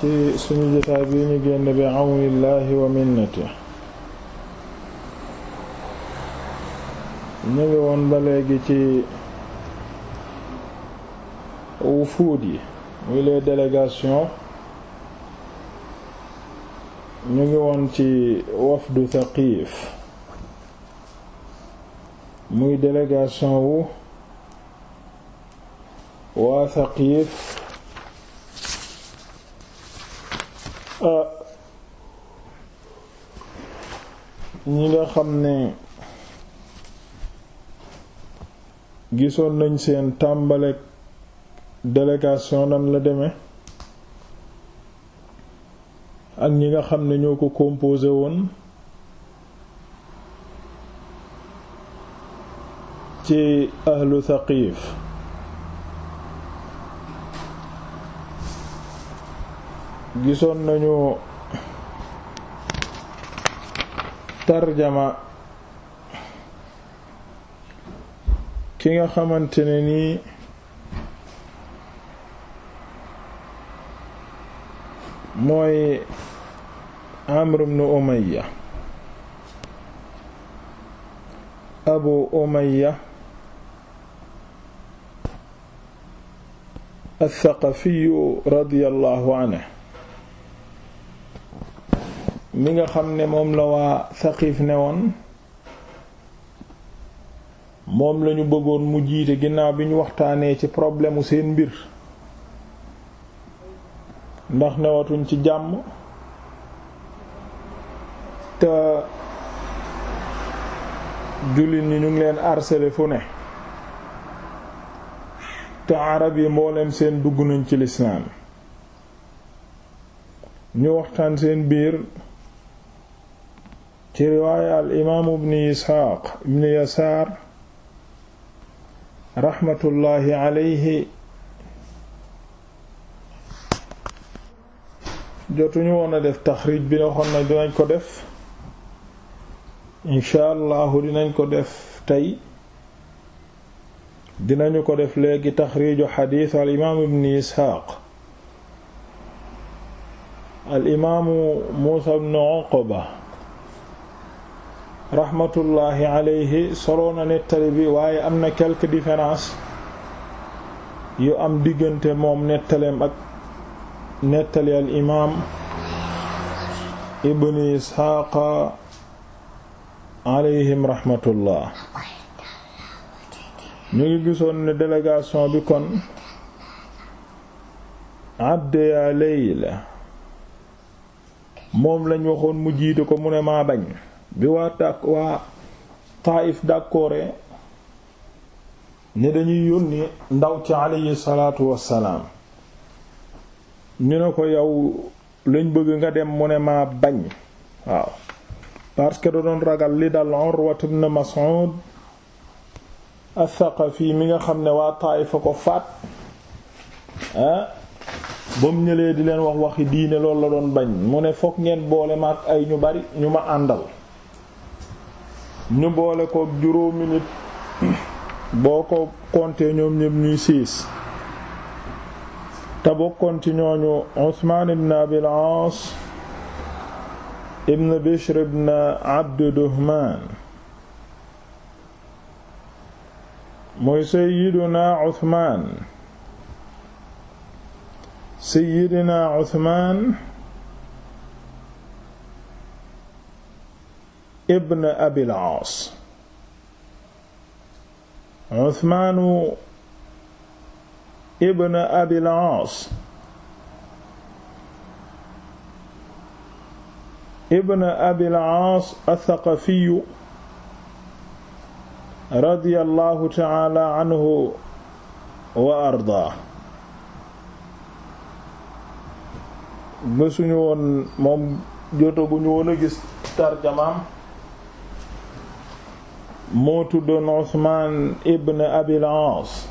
ci suñu jotaay bi ñu génn bi àwnillaahi wa minnati ñu ngi woon ba léegi ci wufuud yi muy les délégations ñu ngi woon ci wafdu Thaqif muy délégation wu waa Thaqif Euh, ñi nga xam ne gisoon nañ seen tàmbale délégation nan la deme ak ñi nga xam ne ñoo ko composé woon ci ahlu Thaqif gisoon nañu tarjama ki nga xamante nii mooy Amr ibn Umayya Abu Umayya al-Thaqafi radiyallahu anhu mi nga xam ne moom la waa Saqiif ne woon moom lañu bëggoon mu jiite ginnaaw bi ñu waxtaanee ci problème seen mbir ndax newatuñ ci jàmm te jullit ñi ñu ngi leen harcelé fu ne te arab yi mboolem seen dugg nañ ci lislaam ñu waxtaan seen biir ci riwaaya al imaamu bni isxaaq yasaar raxmatullaahi alayhi jotuñu woon def taxriij bi nga xam ko def incha dinañ ko def tey dinañu ko def léegi taxriiju xadiis al imaamu bni isxaaq muusa bnu uqba rahmatullahi alayhi solo na nettali bi waaye am na quelques différences yu am diggante moom nettaleem ak nettali al imaam ibn isxaaqa alayhim rahmatullah ñu ngi gisoon ne délégation bi kon abd yaa layla moom lañ waxoon mu jiite ko mu ne maa bañ bi waa tàkk waa Taif d'accord ne dañuy yónni ndaw ci alayhi salaatu wassalaam ñu ne ko yow lañ bëgg nga dem mu ne maa bañ waaw parce que da doon ragal li dal na ibn a ath fii mi nga xam ne waa Taif a ko faat ah ba mu ñëlee di leen wax waxi diine loolu la doon bañ mu ne fokk ngeen boole ma ak ay ñu bari ñu ma àndal ñu boole ko juróomi nit boo ko compter ñoom ñépp ñuy siis te bokkoon ñooñu Usmaan ibn Abil Aas Bishr ibn Abd Duhmaan muy sayyiduna Usmaan sayyidina Usmaan ibn abil aas usmaanu ibn abil aas ibn abil aas athaqafiyu radiyallahu ta'ala anhu wa ardaa gisuñu woon moom jotaguñu woon a gis tarjamaam moo tuddoon Usmaan ibn Abil Aas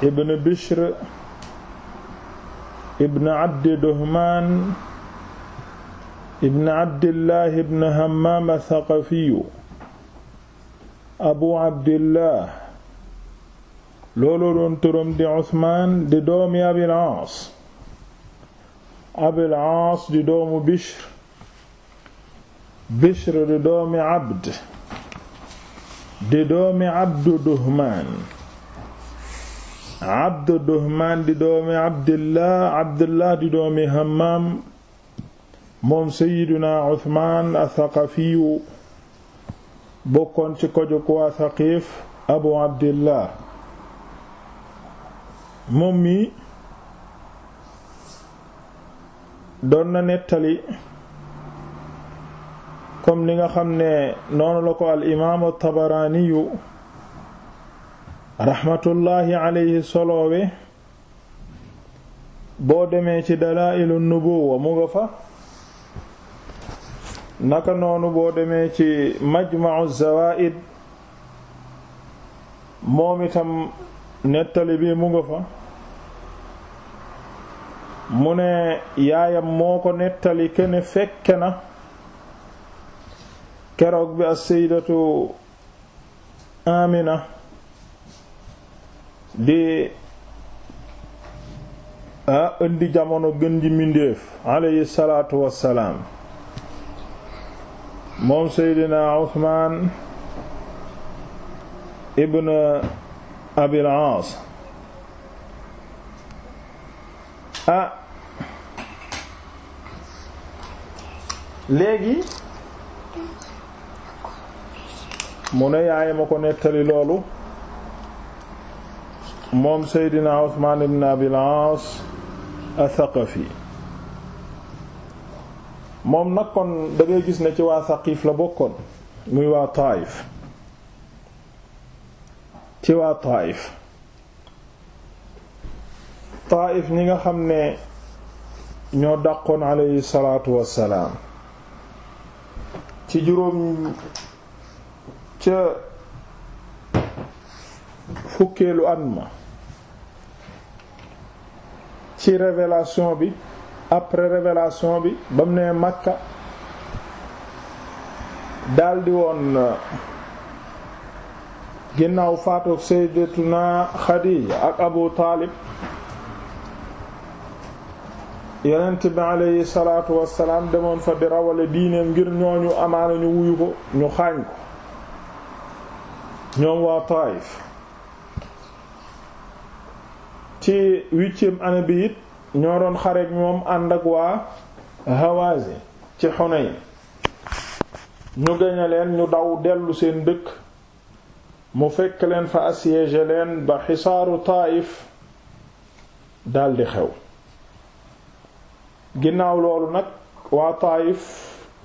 ibn Bishr ibn Abdi Duhmaan ibn Abdillah ibn Hammaam Saqafiyu Abu Abdillah looloo doon turam di Usmaan di doomi Abil Aas Abil Aas di doomu Bishr Bishr di doomi Abd di doomi Abdu Duhmaan Abdu Duhmaan di doomi Abdillah Abdillah di doomi Hammaam moom Seydina Usmaan Asaqafiyu bokkoon ci kojo waa Saqiif Abu Abdillah moom mi doon nettali comme li nga xam ne noonu la ko al imaamu tabaraaniyu alayhi soloowe boo demee ci dalaa'ilu nubuwa mu nga fa naka noonu boo demee ci majma'u zawaa'id moom itam nettali bi mu nga fa mu ne yaayam moo nettali kenn fekke na keroog bi as-sayyidatu Amina di a indi jamono gën ji mbindéef alayhi salaatu wassalaam moom seydina Usmaan ibn Abil Aas ah léegi mu ne yaay ma ko nettali loolu moom Seydina Usmaan ibn Abil Aas As-Saqafi moom nag kon gis ne ci waa Saqif la bokkoon muy waa Taayif ci waa Taayif Taayif ñi nga xam ne ñoo dàqoon alayhi salaatu wassalaam ci juróom ca fukkeelu at ci révélation bi après révélation bi ba mu nee Makka daldi woon ginnaaw faatu sayyidatuna Xadiija ak Abu Taalib yonent bi aleyhi di rawale diineem ngir ñooñu amaana ñu wuyu ñu xaañ ko ñoom waa Taif ci huitième année bi ñoo doon xareek moom ànd ak waa Hawazin ci Hunayn ñu gañe leen ñu daw dellu seen dëkk mu fekk leen fa assiégé leen ba xisaaru Taif daldi xew ginnaaw loolu nag waa Taif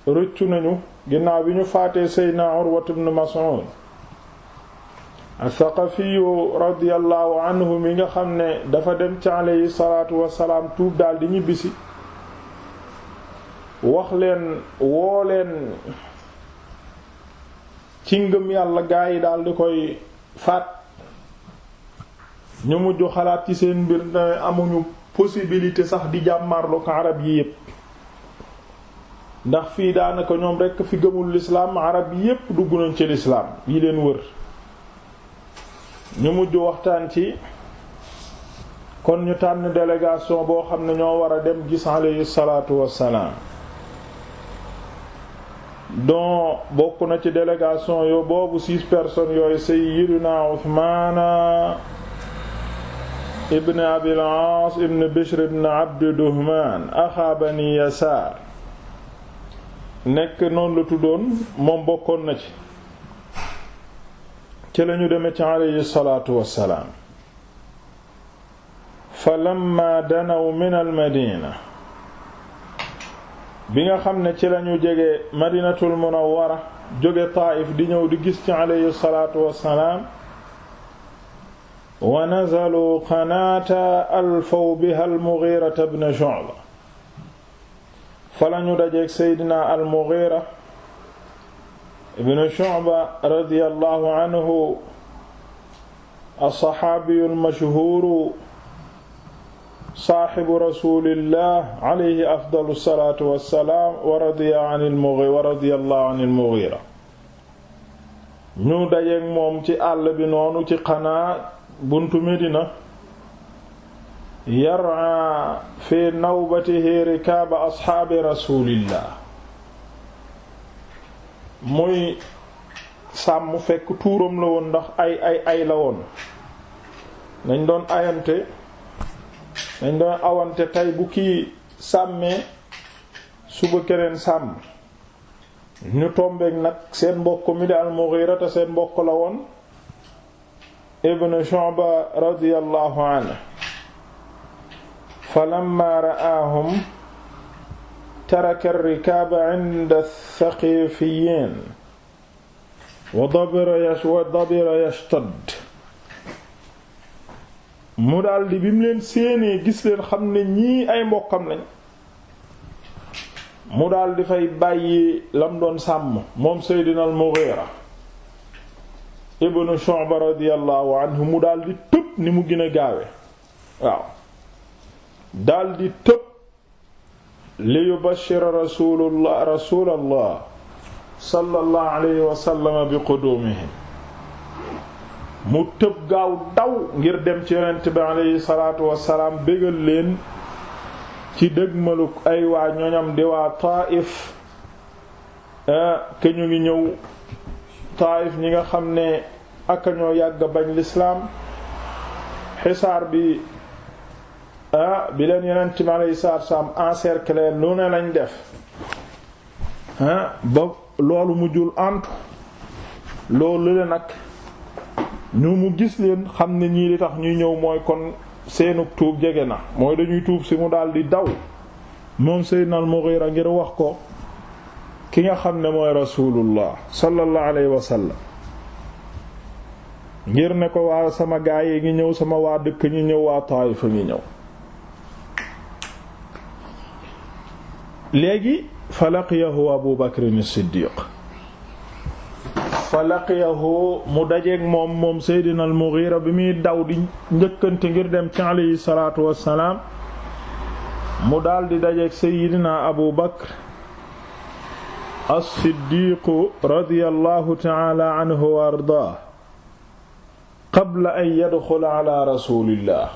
rëccu nañu ginnaaw bi ñu faate Seydina Urwat ibn Mas'ud Saqafiyu radiyallahu anhu mi nga xam ne dafa dem ci aleyhi salaatu wasalaam tuub daal di ñibbisi wax leen woo leen ci ngëm yàlla gaa yi daal di koy faat ñu mujj xalaat ci seen mbir ne amuñu possibilité sax di jàmmarloog arab yi yépp ndax fii daanaka ñoom rekk fi gëmul lislaam arab yi yépp dugg nañ ci lislaam yi leen wër ñu mujj waxtaan ci kon ñu tànn délégation boo xam ne ñoo war a dem gis aleyhi salaatu wassalaam don bokk na ci délégation yo boobu six personnes yooyu sayyiduna Uthmaana ibn Abil Aas ibn Bishr ibn Abdi Duhmaan axaa Bani nekk noonu la tuddoon moom bokkoon na ci ci lañu deme ci aleyhi salaatu wassalaam fa lamma danaw min al madina bi nga xam ne ci lañu jege madinatul munawwara jóge taaif di ñëw di gis ci aleyhi salaatu wassalaam wa nazalu qanaata alfaw biha al mughira ibn shu'ba fa lañu dajeek seydina al mughira ibnu Shu'ba radiyallahu anhu as-saxaabiyu al-mashhuuru saaxibu rasulillah alayhi afdalu salaatu wa salaam wa radiya anil Mughira wa radiyallahu anil Mughira ñu dajeek moom ci àll bi noonu ci xanaa buntu Medina yar'a fi nawbatihi rikaaba asxaabi rasulillah muy sàmm fekk tuuram la woon ndax ay ay ay la woon nañ doon ayante nañ doon awante tey bu kii sàmmee suba keneen sàmm ñu tombeek nag seet mbokk mi di al-Mughira te mbokk la woon ibn Shu'ba radiyallahu anhu falamma ra'ahum taraka ar-rikaaba inda ath-thaqiifiyyiin wa dabira yashtad mu daldi bi mu leen séenee gis leen xam ne ñii ay mbokkam lañ mu daldi fay bàyyi lam doon sàmm moom Seydina al-Mughira ibnu Shu'ba radiyallahu anhu mu daldi tëb ni mu gën a gaawe waaw daldi tëb li yubashira rasulullah rasulallah sallallahu alayhi wa bi qudumihi mu tëb gaaw daw ngir dem ci yonent bi alayhi salaatu wassalaam bégal leen ci dëgmaluk ay waa ñoñam di waa Taif ah, ke ñu ngi ñëw Taif ñi nga xam ne aka ñoo yàgg bañ lislaam xisaar bi ah bi leen yeneen ci malay saar sam encercler lu ne lañ def ah ba loolu mujjul antu loolu le nag ñu mu gis leen xam ne ñii li tax ñuy ñëw mooy kon seenu tuub jege na mooy dañuy tuub si mu di daw moom Seydina al-Mughira ngir wax ko ki nga xam ne mooy rasulullah sallallahu alayhi wa sallam ngir ne ko waa sama gaay yi ngi ñëw sama waa dëkk ñi ñëw waa Taayif ngi ñëw léegi fa laqiyahu abu bakrin siddiq fa laqiyahu mu dajeeg moom moom seydina al mughira bi muy daw di njëkkante ngir dem ci aleyhi salaatu wassalaam mu daldi dajeeg seydina abu bakr as-siddiqu radiyallahu ta'ala anhu wa ardaah qabla an yadxula ala rasulillah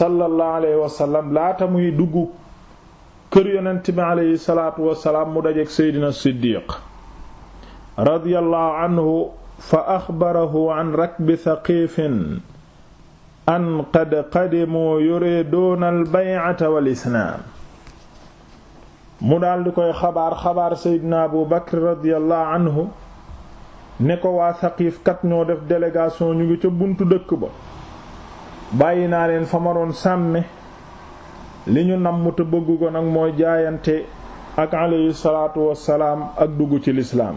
sallallahu alayhi wa sallam laata muy dugg kër yonent bi aleyhi salaatu wasalaam mu dajeek seydina siddiq radiyallahu anhu fa axbarahu an rakbi saqiifin an qad qadimu yuriduuna albay'ata wal islaam mu daldi koy xabaar xabaar seydina abu bakr radiyallahu anhu ne ko waa saqiif kat ñoo def délégation ñu gi ca buntu dëkk ba bàyyi naa leen fa ma doon sàmme li ñu namm te bëgg ko nag mooy jaayante ak aleyhi salaatu wassalaam ak dugg ci lislaam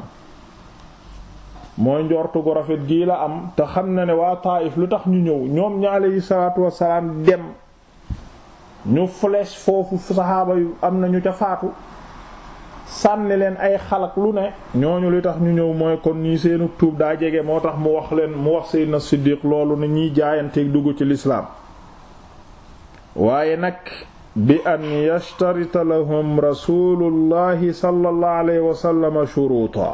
mooy njortu gu rafet gii la am te xam na ne waa Taayif lu tax ñu ñëw ñoom ñu aleyhi salaatu wassalaam dem ñu flèche foofu saxaaba yu am na ñu ca faatu sànni leen ay xalak lu ne ñooñu li tax ñu ñëw mooy kon ñii seenu tuub daa jege moo tax mu wax leen mu wax Seydina Siddiq loolu ne ñiy jaayanteeg dugg ci lislaam waaye nag bi an yashtarita lahum rasulullahi sallallahu alayhi wa sallam shuruuta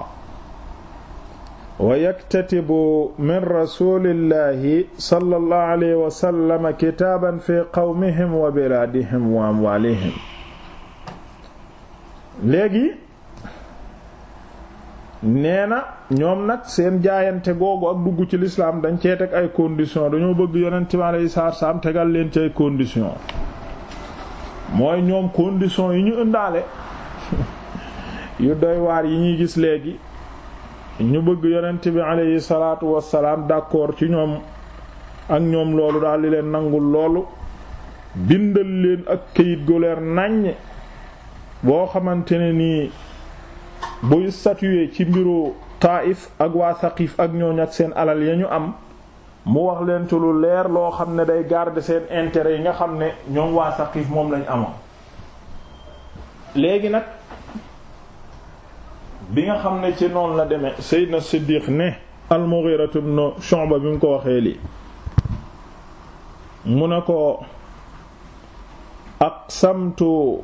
wa yaktatibu min rasulillahi sallallahu alayhi wa sallam kitaaban fi qawmihim wa bilaadihim wa amwaalihim léegi nee na ñoom nag seen jaayante googu ak dugg ci lislaam dañ cee teg ay condition dañoo bëgg yonent mi leen ci ay mooy ñoom condition yi ñu indaale yu doy waar yi ñuy gis léegi ñu bëgg yonent bi aleyhi salaatu wassalaam d'accord ci ñoom ak ñoom loolu daal di leen nangul loolu bindal leen ak këyit gu leer nàññ boo xamante ne nii buy statuer ci mbiru Taif ak waa saqiif ak ñooñ ak seen alal ya ñu am mu wax leen ci lu leer loo xam ne day garder seen intérêt yi nga xam ne ñoom waa Saqiif moom lañu amoon léegi nag bi nga xam ne ci noonu la demee Seydina Siddiq ne al-Mughira ibn Shu'ba bi mu ko waxee lii mu ne ko aqsamtu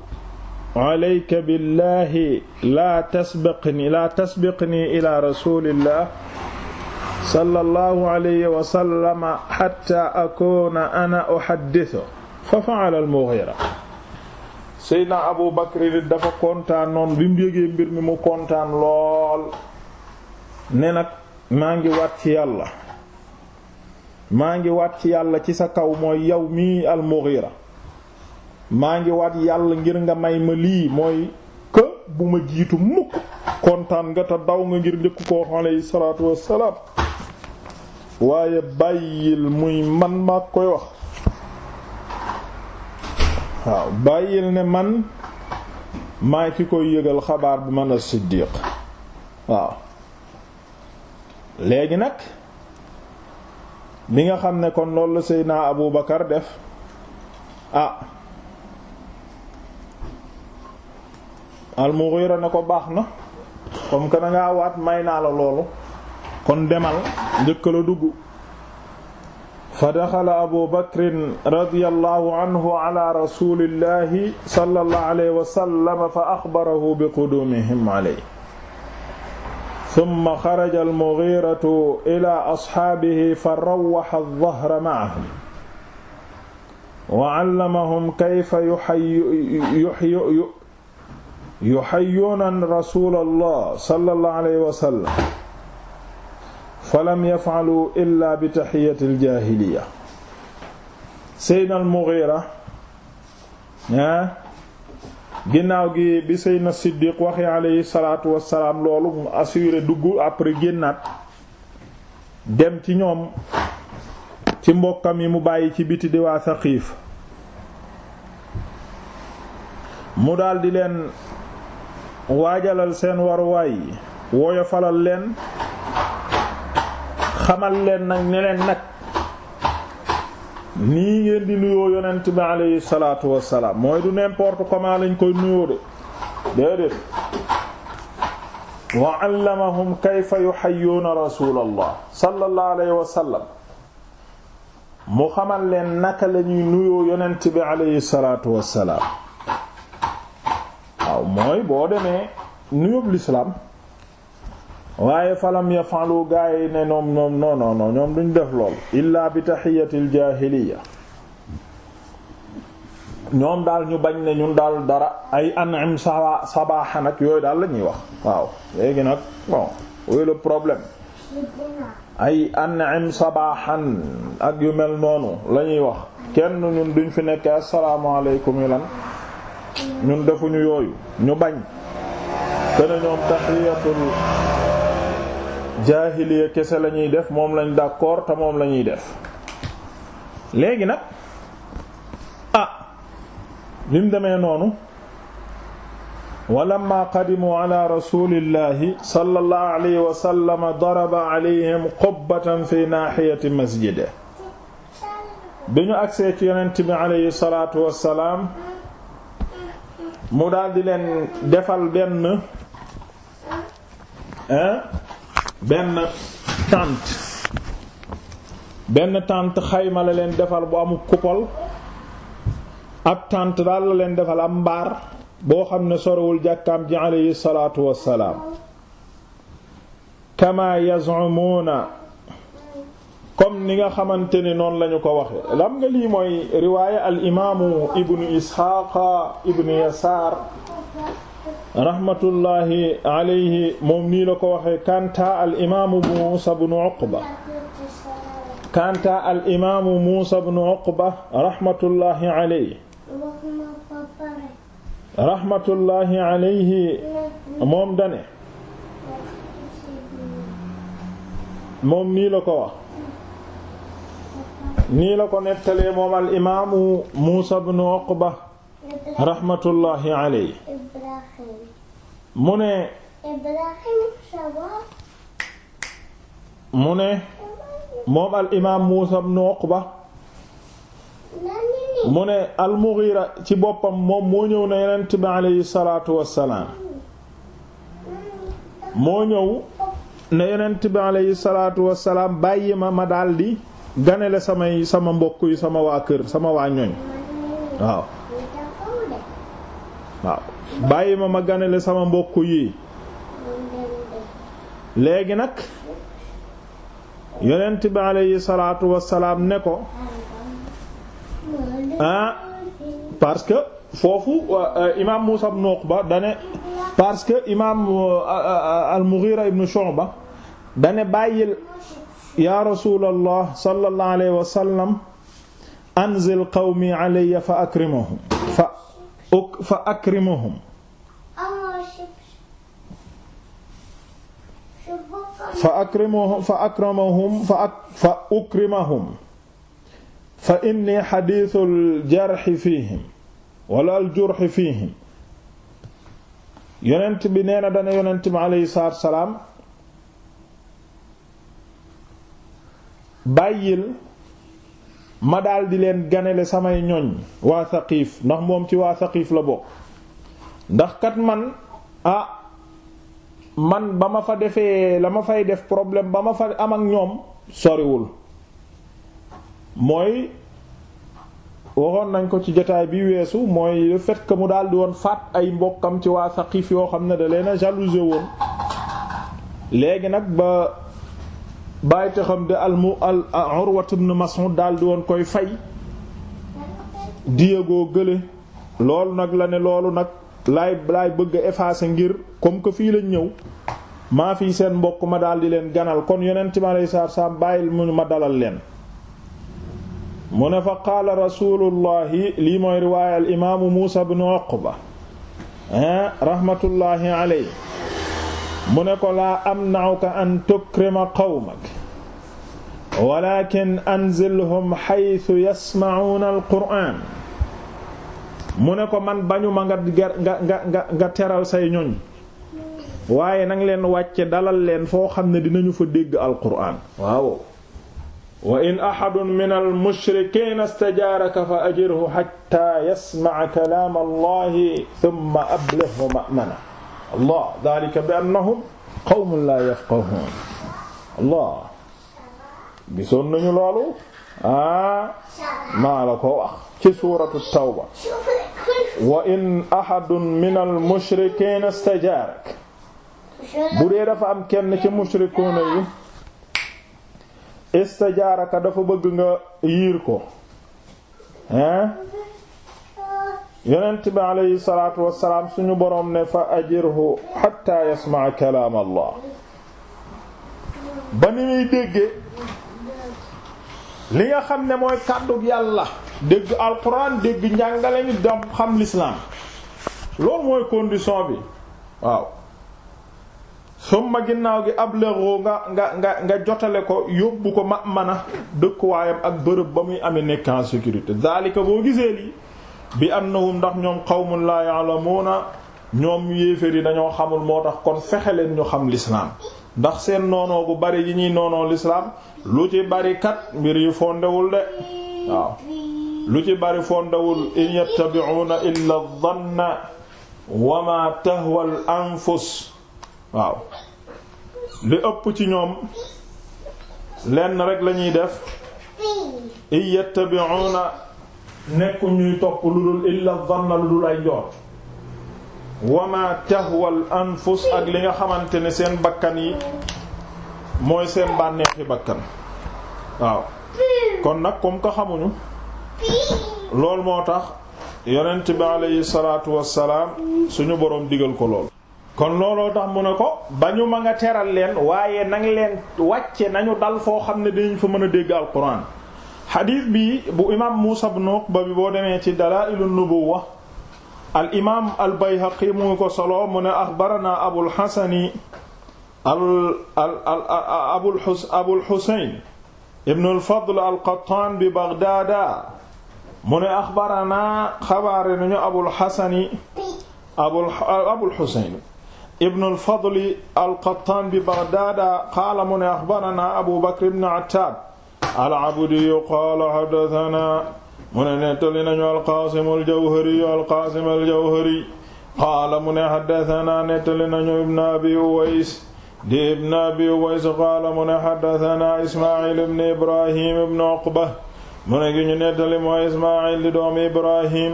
alayka billahi laa tasbiqni laa tasbiqni ila rasulillah sallallahu alayhi wa sallama hatta akuna ana uhaddithu fa fa'ala al-Mughira Seydina Abu Bakr dafa kontaan noonu bi mu yégee mbir mi mu kontaan lool ne nag maa ngi waat ci yàlla maa ngi waat ci yàlla ci sa kaw mooy yow mii al-Mughira maa ngi waat yàlla ngir nga may ma lii mooy que bu ma jiitu mukk kontaan nga te daw nga ngir njëkk koo alayhi salaatu wassalaam waaye bàyyil muy man maa koy wax waaw bàyyil ne man maa ki koy yëgal xabaar bi man as-Siddiq waaw léegi nag bi nga xam ne kon loolu la Seydina Abu Bakar def ah al-Mughira na ko baax na comme que dangaa waat may naa la loolu kon demal njëkk la dugg fa daxala abu bakrin radiyallahu anhu ala rasulillahi sallallahu alayhi wa sallam fa axbarahu bi qudumihim alayhi summa xaraja almughiratu ila asxaabihi fa rawwaxa aldahra maahum wa allamahum kayfa yuxayyuuna rasulallah sallallahu alayhi wa sallam falam yafaalu illa bi taxiyati aljaahiliya seydna almughira ginnaaw gi bi seydna siddiq waxee aleyhi salaatu wassalaam loolu mu assuré dugg après génnaat dem ci ñoom ci mbokkam yi mu bàyyi ci biti di waa saqiif mu daldi leen waajalal seen waruwaay woyofalal leen xamal leen nag ne leen nag nii ngeen di nuyoo yonent bi alayhi salaatu wassalaam mooy du n'importe comment lañ koy nuyoo de déedéet wa allamahum kayfa yuhayyuna rasulallah sallallahu alayhi wa mu xamal leen naka lañuy ñuy nuyoo yonent bi alayhi salaatu wassalaam waaw mooy boo demee nuyoob lislaam waaye falam yafalu gaa yi ne ñoom ñoom non non non ñoom duñ def lool illaa bi taxiyatil jaahiliya ñoom daal ñu bañ ne ñun daal dara ay an'am saba sabaaxa nag yooyu daal la ñuy wax waaw léegi nag bon wooyu le problème ay an'am sabaaxan ak yu mel noonu la ñuy wax kenn ñun duñ fi nekk asalaamaaleykum yi lan ñun defuñu yooyu ñu bañ te ne ñoom taxiyatul jaahiliya kese la ñuy def moom lañ d'accord te moom la ñuy def léegi nag ah bi mu demee noonu walamma qadimu ala rasulillahi sallallahu alayhi wa sallam daraba alayhim qubbatan fi nahiyati masjide bi ñu agsee ci yonent bi alayhi salatu wassalaam mu daldi leen defal benn hein benn tànt benn tànt xayma la leen defal bu amul coupole ab tànt daal la leen defal am mbaar boo xam ne sorowul jàkkaam ji aleyhi salaatu wassalaam kama yaz'umuna comme ni nga xamante ne noonu lañu ko waxe lam nga lii mooy riwaaya al imaamu ibnu isxaaqa ibnu yasaar rahmatullahi alayhi moom nii la ko al imaamu Muusa ibn Uqba rahmatullahi alayhi moom dane moom nii la ko wax nii la ko moom al imaamu Muusa ibn Uqba raxmatullaahi alayhi mu ne mu ne moom al imaam Muusa ibn Uqba mu ne al ci boppam moom moo ñëw na yonent bi alayhi salaatu wassalaam moo ñëw na yonent bi alayhi salaatu wassalaam bàyyi ma ma daldi ganale samay sama mbokk yi sama waa kër sama waa ñoñ waaw waaw bàyyi ma ma ganale sama mbokk yi léegi nag yonent bi alayhi salaatu wassalaam ne ko ah parce que foofu euh, imaam Muusaa ibn Uqba dane parce que imaam euh, euh, al-Mughira ibn Shu'ba dane bàyyil yaa rasuulallah sallallahu alayhi wa sallam anzil qawmi alayya fa akrimahum fa uk fa akrimuhum fa akrimuhum fa akramahum fa ak fa ukrimahum fa inni xadiisul jarxi fiihim wala al jurxi fiihim yonent bi nee na dana yonent bi aleyhi salaatu wa salaam bàyyil ma daal di leen ganele samay ñoñ waa Saqiif ndax moom ci waa Saqiif la bokk ndax kat man ah man ba ma fa defee la ma fay def problème ba ma fa am ak ñoom soriwul mooy waxoon nañ ko ci jotaay bi weesu mooy le fait mu daal di woon faat ay mbokkam ci waa Saqiif yoo xam ne da leen a jalouse woon léegi nag ba bàyyi taxam de al mu al Urwat ibn Mas'ud di woon koy fay diyagoo gële loolu nag la ne loolu nag laay laay bëgg a ngir comme que fii lañ ñëw maa fii seen mbokk ma daal di leen ganal kon yonent mi alayhi salaatu salaam bàyyil mu ma dalal leen mu ne fa qaala rasulullahi lii mooy riwaaya al imaamu Muusa ibn Uqba rahmatullahi alayhi mu ne ko laa am an tukrima qawmak walakin anzilhum xaytu yasmacuuna alqur'aan mu ne ko man bañu ma nga teral say ñoñ waaye nang leen wàcce dalal leen foo xam ne dinañu fa dégg alqur'aan waaw wa in axadun min almushrikiina stajaaraka fa ajirhu xatta yasmaca kalaam allahi tumma ablighu ma'mana allah dalika bi annahum qawmun laa yafqahuun gisoon nañu loolu ah maa la ko wax ci suuratu tawba wa in ahadun min al mushrikiina istajaaraka bu dee dafa am kenn ci mushrikuuna yi istajaaraka dafa bëgg nga yiir ko hein yonent bi alayhi salaatu suñu boroom ne fa ajirhu hatta yasma'a kalaam allah ba ni muy dégge li nga xam ne mooy kàddug yàlla dégg alquran dégg njàngale mi dam xam l'islam loolu mooy condition bi waaw summa ginnaaw gi ableroo nga nga nga nga jotale ko yóbbu ko ma mana dëkkuwaayam ak bërëb ba muy amee nekk en sécurité daalika boo gisee lii bi am annahum ndax ñoom qawmun la ya'lamuna ñoom yéefér yi dañoo xamul moo tax kon fexe leen ñu xam l'islam ndax seen noonoo bu bari yi ñuy noonoo lislaam lu ci bari kat mbir yi fondewul de waaw lu ci bari fondewul in yattabi'una illa dhanna wa ma tahwa anfus waaw li ëpp ci ñoom lenn rek lañuy def in yattabi'una nekku ñuy topp lu dul illa dhanna lu dul ay njort wa ma anfus ak li nga xamante ne seen bakkan yi mooy seen bànneexi bakkan waaw kon nag comme ko xamuñu lool moo tax yonent bi aleyhi salaatu wassalaam suñu boroom digal ko lool kon looloo tax mu ne ko bañu ma nga teral leen waaye nang leen wàcce nañu dal foo xam ne dinañ fa mën a dégg alquran xadiis bi bu imaam Muusa ibn Uqba bi boo demee ci Dalaa'ilu wax al imaam al Bayhaqi mu ngi ko solo mu ne axbaranaa Abul Xasani al al abul xus abul xusayn ibn al fadl al qattaan bi baghdaada mu ne axbaranaa xabaare nañu abul xasani abul abul xusayn ibn al fadl al qattaan bi baghdaada qaala mu ne axbaranaa abu bakr ibn attaab al abdiyu qaala haddasanaa mu ne nettali nañu al qaasim al jawhari al qaasim al jawhari qaala mu ne haddasanaa nettali nañu ibn abi uways di ibn abi ways qaala mu ne xaddatanaa ismail ibn ibrahim ibn oqba mu ne gi ñu nettali mooy ismail di doomi ibrahim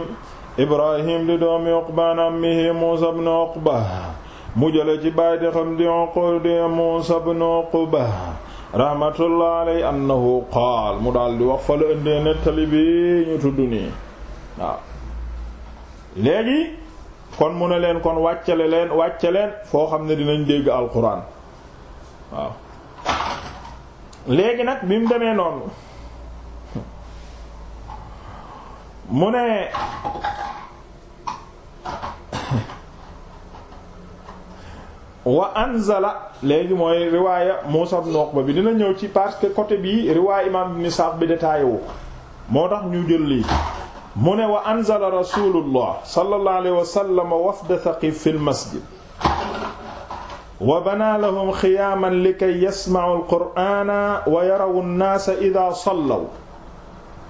ibrahim di doomi oqba an muusa ibn oqba mu jële ci baay di xam di oq di muusa ibn oqba rahmatullah aley annahu qaal mu daal wax fa la ëndee nettali bi ñu tudd nii léegi kon mu ne leen kon wàccale leen wàcce leen foo xam ne dinañ dégg alquran waaw léegi nag bi mu demee noonu mu ne wa anzala léegi mooy riwaaya Muusaa ibn Uqba bi dina ñëw ci parce que côté bii riwaaya imam bi Sa'd bi détaillé wu moo tax ñu jël lii mu ne wa anzala rasulullah sallallahu alayhi wa sallam wafda masjid wa banaa lahum xiyaaman likay yasma'u alqur'aana wa yarawu nnaasa idaa sallaw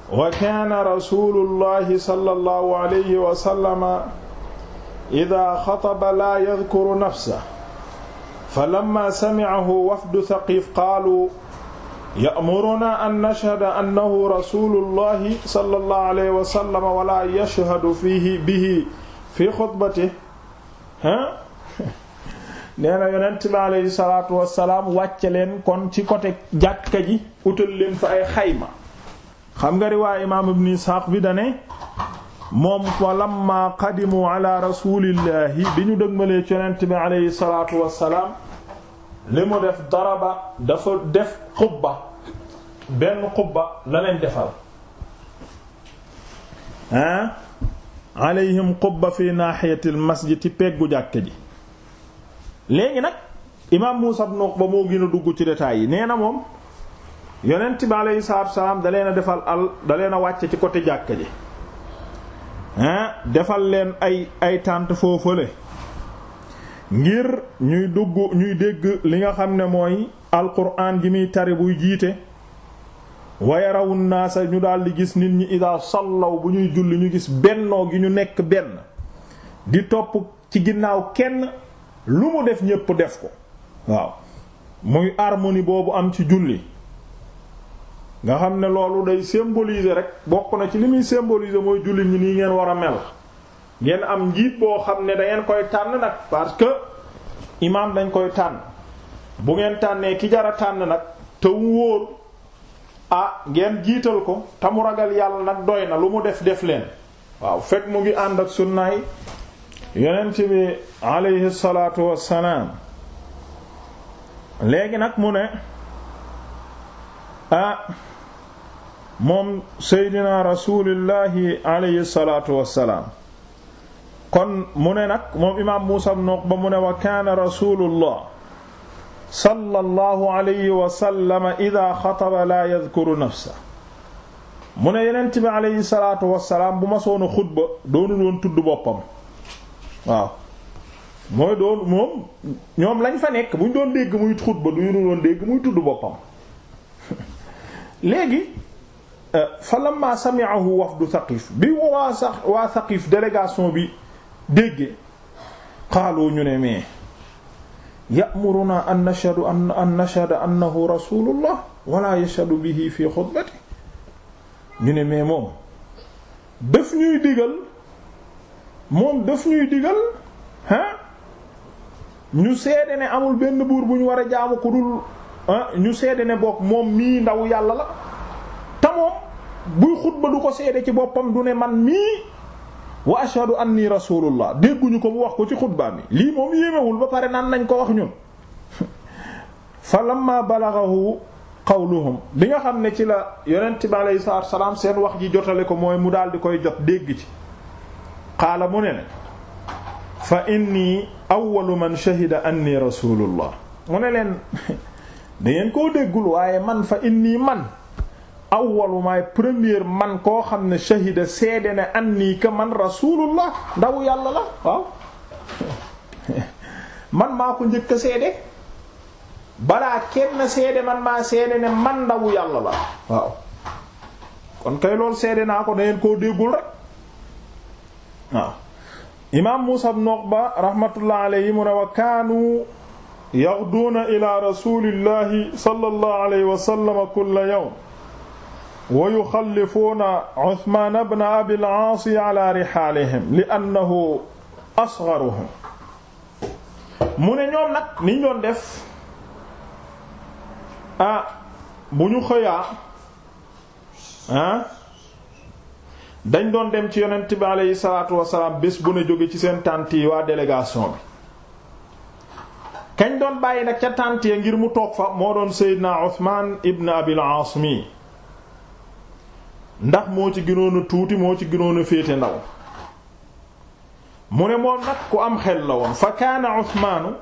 wa kaana rasuulullahi sallallahu alayhi wa sallama idaa xataba laa yadkuru nafsahu falammaa sami'ahu wafdu saqiif qaaluu ya'murunaa an nashhada annahu rasuulullahi sallallahu alayhi wa sallama wa laa yashhadu fiihi bihi fii xutbatihi ha nee na yonent bi aleyhi salaatu wàcce leen kon ci côté jàkka ji utal leen fa ay xayma xam nga riwaay imaam ibn Isxaaq bi dane moom fa lamma qadimu ala rasulillahi bi ñu dëgmalee ci yonent bi aleyhi salaatu wassalaam li mu def dara ba dafa def xubba benn xubba la leen defal ah alayhim xubba fi naaxiyatil masjid ci peggu jàkka ji léegi nag imaam Muusaa ibn Uqba moo gin a dugg ci détails yi nee na moom yonent bi aleyhi salaatu salaam da leen a defal al da leen a wàcce ci côté jàkka ji defal leen ay ay tànt foofale ngir ñuy dugg ñuy dégg li nga xam ne mooy alquran gi muy tari buy jiite wa yarawu naasa ñu daldi gis nit ñi ida sollaw bu ñuy julli ñu gis bennoo gi ñu nekk benn di topp ci ginnaaw kenn lu mu def ñépp def ko waaw muy harmonie boobu am ci julli nga xam ne loolu day symboliser rek bokk na ci li muy symboliser mooy jullit ñi nii ngeen war a mel ngeen am njiit boo xam ne da koy tànn nag parce que imaam dañ koy tànn bu ngeen tànnee ki jara tànn nag te wóor ah ngeen jiital ko te mu ragal yàlla nag doy na lu mu def def leen waaw fekk mu ngi ànd ak sunnaay yonent bi alayhi salaatu wassalaam léegi nag mu ne ah moom seydina rasulillahi alayhi salaatu wassalaam kon mu ne nag moom imaam Muusaa ibn Uqba mu ne wa kaana rasulullah sallallahu alayhi wa sallam idaa xataba laa yadkuru nafsa mu ne yonent bi alayhi salaatu wassalaam bu ma soona xutba doonul woon tudd boppam waaw mooy doon moom ñoom lañ fa nekk bu ñu doon dégg muy xutba du ñu doon dégg muy tudd boppam léegi euh, fa lamma sami'ahu wafdu Thaqif bi waa sax waa Thaqif délégation bi déggee xaaloo ñu ne mais ya'muruna an nashhadu an an nashhada annahu rasulullah wala yashhadu bihi fi xutbati ñu ne mais moom daf ñuy digal moom daf ñuy digal ah ñu seede ne amul benn buur bu ñu war a jaamu ku dul ñu seede ne boog moom mii ndaw yàlla la te moom buy xutba du ko seede ci boppam du ne man mii wa ashhadu anni rasulullah dégguñu ko mu wax ko ci xutbaa mi lii moom yéemewul ba pare naan nañ ko wax ñun fa lamma balaghahu qawluhum bi nga xam ne ci la yonent bi alayhi salaam seen wax ji jotale ko mooy mu daal di koy jot dégg ci qaala mu ne ne fa inni awwalu man shahida anni rasulullah mu ne leen dangeen koo déggul waaye man fa inni man awwalu maay premier man koo xam ne shahida seede ne anni ka man rasulullah ndawu yàlla la waaw man maa ko njëkk seede balaa kenn seede man maa seede ne man ndawu yàlla la waaw kon kay loolu seede naa ko dangeen koo déggul rek waaw imaam Muusaa ibn Uqba rahmatullah alayhi mu ne wa kaanu yaghduuna ila rasulillahi sallallahu alayhi wa sallam kulla yawm wa yuxallifuuna Usmaan ibn Abil Aas ala rihaalihim li annahu asgharuhum mu ne ñoom nag niñ doon def ah bu ñu xëyaa ah dañ doon dem ci yonent bi aleyhi salaatu wasalaam bés bu ne jóge ci seen tànt yi waa délégation bi kañ doon bàyyi nag ca tànt ya ngir mu toog fa moo doon Seydina Usmaan ibn Abil Aas mi ndax moo ci gënoon tuuti moo ci ginoonu a féete ndaw mu ne moom nag ku am xel la woon fa kaana Usmaanu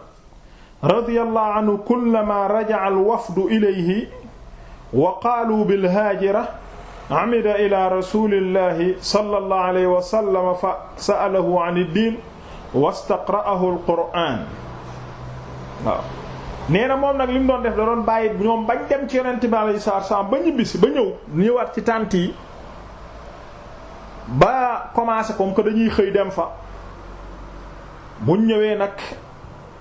radiyallahu anhu kullama raja'a wafdu ilayhi wa qaalu bil haajira amida ila rasulillahi sallallahu alayhi wa sallam fa sa'alahu an ad-diin wastaqra'ahu al-qur'aan waaw nee moom nag li mu doon def da doon bàyyi ñoom bañ dem ci yonent bi alayhi salaatu salaam ba ñibbisi ba ñëw ñëwaat ci tànt yi ba commencé comme que dañuy xëy dem fa buñ ñëwee nag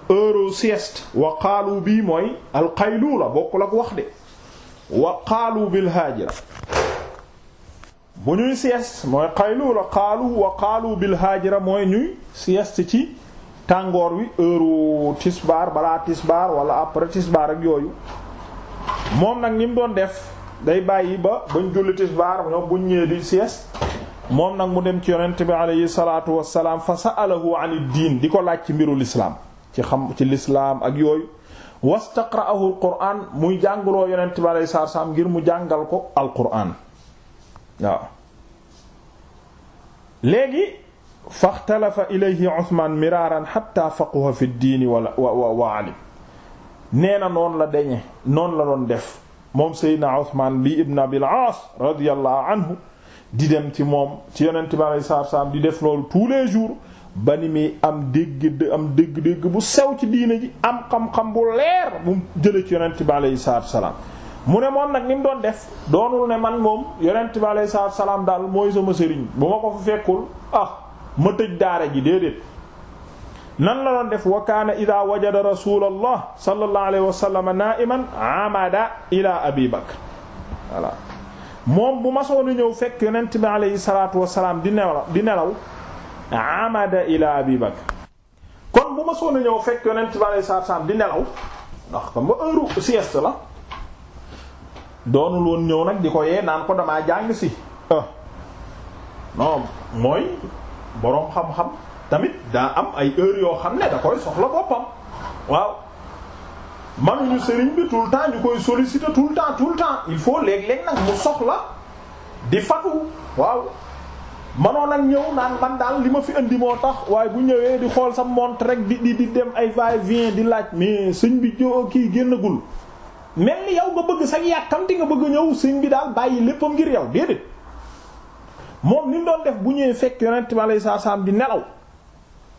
heure sieste wa qaalu bii mooy alqayluula bokkul ak wax de wa qaalu bil haajira bu ñuy sieste mooy xayluula xaalu wa xaalu bil haajira mooy ñuy sieste ci tàngoor wi heure tisbaar balaa tisbaar wala après tisbaar ak yooyu moom nag ni mu doon def day bàyyi ba bañ julli tisbaar ñoom buñ ñëwee di sieste moom nag mu dem ci yonent bi alayhi salaatu wassalaam fa sa'alahu an diin di ko laaj ci mbiru lislaam ci xam ci lislaam ak yooyu wastaqra'ahu alquraan muy jàngaloo yonent bi alayhi salaatu ngir mu jàngal ko alquraan waaw léegi faxtalafa ilayhi Usmaan miraaran xatta faquha fi diini wala wa wa wa na noonu la deñe noon la doon def moom Seydina Usmaan bi ibn Abil Aas radiyallahu anhu di dem ci moom ci yonente bi alei salatu salaam di def loolu tous les jours ba ni muy am dégg am dégg bu sew ci diine ji am xam-xam bu leer mu jële ci yonente bi aleyhi salaam mu ne moom nag ni mu doon def doonul ne man moom yonent bi alayhi salaatu salaam daal mooy sama sëriñ bu ma ko fa fekkul ah ma tëj daara ji déedéet nan la doon def wa kaana ida wajada rasulallah sallallahu alayhi wa moom bu masoonu ñëw fekk yonent bi alayhi di di nelaw amada ila abi bakr kon bu ñëw fekk yonent bi alayhi salaatu wasalaam di nelaw ndax xam nga heure la doonul woon ñëw nag di ko yee naan ko damaa jàng si ah. non mooy boroom xam-xam tamit daa am ay heure yoo xam ne da koy soxla boppam waaw manuñu sëriñ bi tout le temps ñu koy solliciter tout le tout le temps il faut léeg-léeg nag mu soxla di fatu waaw manoon nag ñëw naan man daal li ma fi indi moo tax waaye bu ñëwee di xool sa montre rek di di di dem ay va et di laaj mais sëñ bi joo kii génnagul mel ni yow nga bëgg sax yàkkamti nga bëgg ñëw sëñ bi daal bàyyi léppam ngir yaw déedéet moom ni mu doon def bu ñëwee fekk yonent bi alayhi salaam di nelaw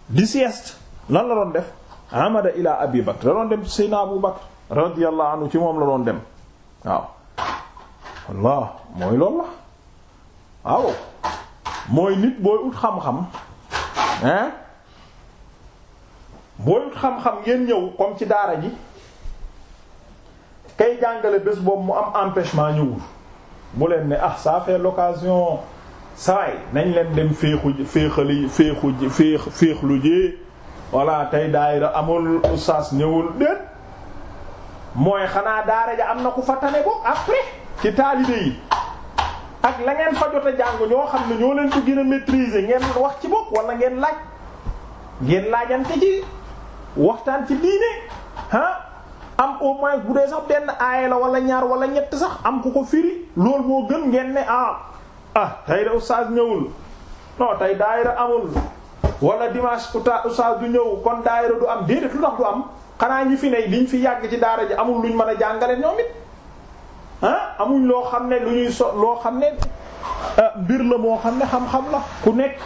di sieste lan la doon def amada ila abi bakr la doon dem seyna abu bakr radiyallahu anhu ci moom la doon dem waaw wallah mooy loolu la waaw mooy nit booy ut xam-xam booy ut xam-xam ngeen ñëw comme ci daara ji kay jàngale bés boobu mu am empêchement ñëwul bu leen ne ah ça fait l'occasion saay nañ leen dem féexu ji féexali féexu ji féex féexlu ji voilà tey daayira amul oustaz ñëwul déet mooy xanaa daara ja am na ku fa tane ko après ci taalibe yi ak la ngeen fa jot a jàng ñoo xam ne ñoo leen ko gën a ngeen wax ci bopp wala ngeen laaj ngeen laajante ci waxtaan ci diine ah am au moins bu dee sax benn aaye la wala ñaar wala ñett sax am ku ko firi loolu moo gën ngeen ne ah ah tey da oustaz ñëwul non tey daayira amul wala dimanche uta oustaz du ñëw kon daayira du am déedéet lu tax du am xanaa ñi fi ne liñ fi yàgg ci daara ji amul luñ mën a jàngale ñoom it ah, amuñ loo xam ne lu ñuy so loo xam ne ah, mbir la moo xam ne xam-xam la ku nekk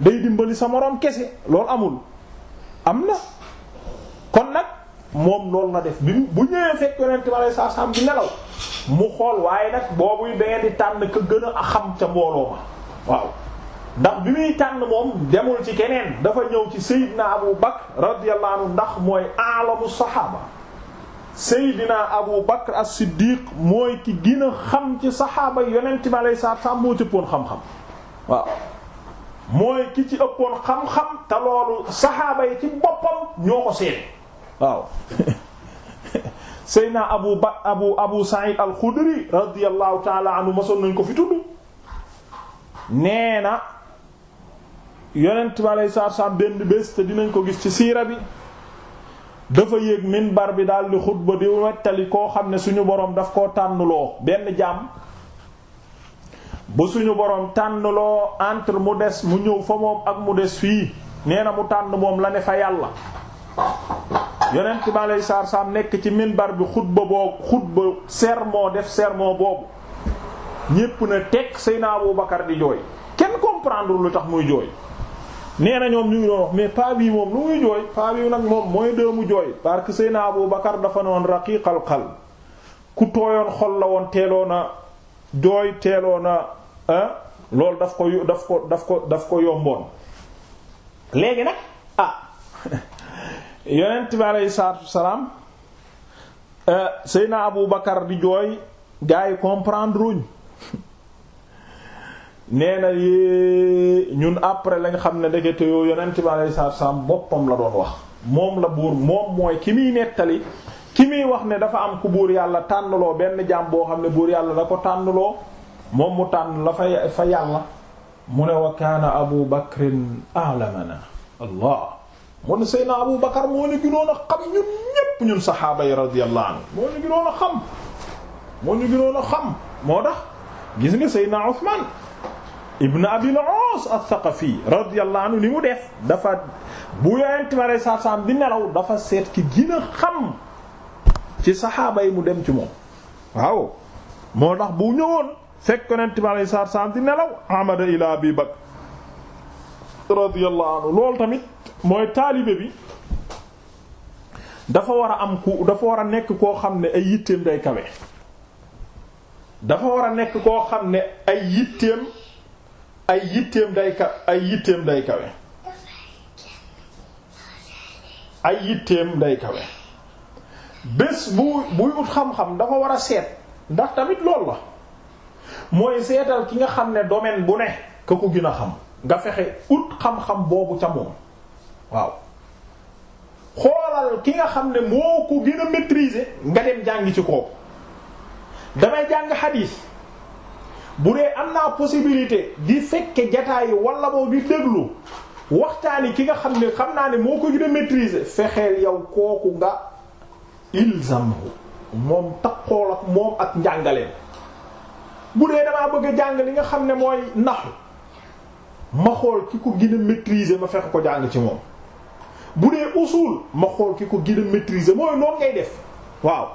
day dimbali sa moroom kese loolu amul am na kon nag moom loolu la def bi bu ñëwee fekk yonent bi aleyhi salaam bi nelaw mu xool waaye nag boobuy da ngeen di tànn ka gën a xam ca mbooloo ma waaw ndax bi muy tànn moom demul ci keneen dafa ñëw ci Seydina Abu Bakr radiyallahu anhu ndax mooy alamu saxaaba Seydina Abu Bakr as-Siddiq mooy ki gën a xam ci saxaaba yonent bi aleyhi salaam moo ci ëppoon xam-xam waaw. mooy ki ci ëppoon xam-xam te loolu saxaaba yi ci boppam ñoo ko seet. waaw Seyna Abu Ba Abu Abu Sa'id al-Khudri radiyallahu ta'ala anhu masoon nañ ko fi tudd nee na yonent bi aleyhi salaam benn bés te dinañ ko gis ci siira bi dafa yéeg minbar bi daal di xutba di wettali koo xam ne suñu boroom daf koo tànnuloo benn jàmm ba suñu boroom tànnloo entre mu des mu ñëw fa moom ak mu des fii nee mu tànn moom la ne fa yàlla yonent bi alayhi salaatu salaam nekk ci bar bi xutba boobu xutba sermon def sermon boobu ñépp na teg Seydina Abu Bakar di jooy kenn comprendre lu tax muy jooy nee na ñoom ñu ngi doon wax mais paa moom lu muy jooy paa nag moom mooy dëemu jooy parce que Seydina Abu Bakar dafa noon raqiiqal qalb ku tooyoon xol la woon teeloo na jooy teeloo na ah, loolu daf ko daf ko daf ko daf ko yomboon léegi nag ah yonent bi aleyhi salaatu wasalaam euh, Seyna Abu Bakar di jooy gars yi comprendre wuñ nee na yee ñun après lañ xam ne ndekete yoo yonent bi aleyhi boppam la doon wax moom la buur moom mooy ki muy nettali ki muy wax ne dafa am ku buur yàlla tànnloo benn jaam boo xam ne buur yàlla la ko tànnloo moom mu tànn la fa fa yàlla mu ne wa Abu Bakrin a'lamana moo ne Seydina Abu Bakar moo ñu gënoon a xam ñun ñépp ñun saxaaba yi radiyallahu moo ñu gënoon a xam moo ñu tax gis nga Seydina Usmaan ibn Abil Aas al-Thaqafi radiyallahu anhu li mu def dafa bu yonent ma saa saam di nelaw dafa seet ki gën a xam ci saxaaba mu dem ci moom waaw moo tax bu ñëwoon fekk yonent ma saa saam di nelaw amada ila Abi Bakr radiyallahu anhu loolu tamit mooy taalibe bi dafa war a am ku dafa war a nekk koo xam ne ay yitteem day kawe dafa war a nekk koo xam ne ay yitteem ay yitteem day ay yitteem day kawe ay yitteem day kawe bés bu buy ut xam-xam dafa war a seet ndax tamit loolu la mooy seetal ki nga xam ne domaine bu ne ka ko gën a xam nga fexe ut xam-xam boobu ca moom waaw xoolal ki nga xam ne moo ko gën a maîtriser nga dem jàngi ci kooku damay jàng xadiis bu dee am naa possibilité di fekke jataay wala boobu di déglu waxtaani ki nga xam ne xam naa ne moo ko gën a maîtriser fexeel yow kooku nga ilzamhu moom takkool ak moom ak njàngaleem bu dee damaa bëgg a jàng li nga xam ne mooy naxu ma xool ki ko gën a ma fekk ko jàng ci moom bu dee usul ma xool ki ko gën a maîtriser mooy noonu ngay def waaw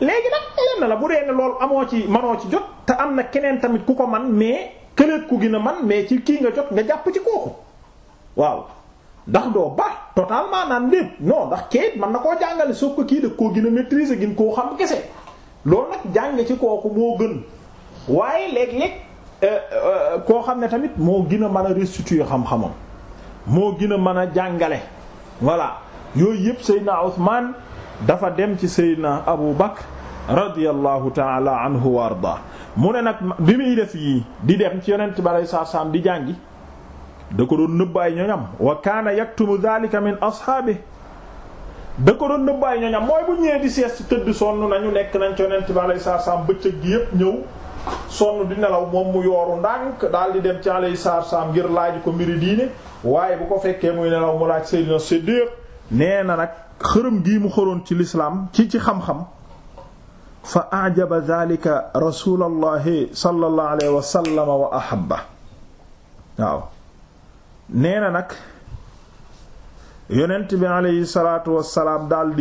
léegi nag na la bu dee ne loolu amoo ci manoo ci jot te am na keneen tamit ku ko man mais këleet ku gën a man mais ci kii nga jot nga jàpp ci kooku waaw ndax doo baax totalement naan lépp non ndax kayit man na koo jàngale soo ko kii da koo gën a gin koo xam kese loolu nag jàng ci kooku moo gën waaye léeg-léeg Euh, euh, koo xam ne tamit moo gën a mën a restituer xam-xamam moo gën a mën a jàngale voilà yooyu yëpp Seydina Usmaan dafa dem ci Seydina Abu Bakr radiyallahu taala anhu wa arda mu ne nag bi muy def yii di dem ci yonent bi alei saatu salaam di jàngi da ko doon nëbb ay ñoñam wa kaana yaktumu dhalika min ashaabi da ko doon nëbb ay ñoñam mooy bu ñëwee di sieste tëdd sonn nañu nekk nañ ci yonent bi alei saatu salaam bëccëg gi yëpp ñëw sonn di nelaw moom mu yooru ndànk daal di dem ci alayhi salaatu salaam ngir laaj ko mbiri diine waaye bu ko fekkee muy nelaw mu laaj Seydina Siddiq nee na nag xërëm gi mu xoroon ci lislaam ci ci xam-xam fa ajaba dhalika rasulallahi sallallahu wa sallam wa waaw nee na nag yonent bi alayhi salaatu wassalaam daal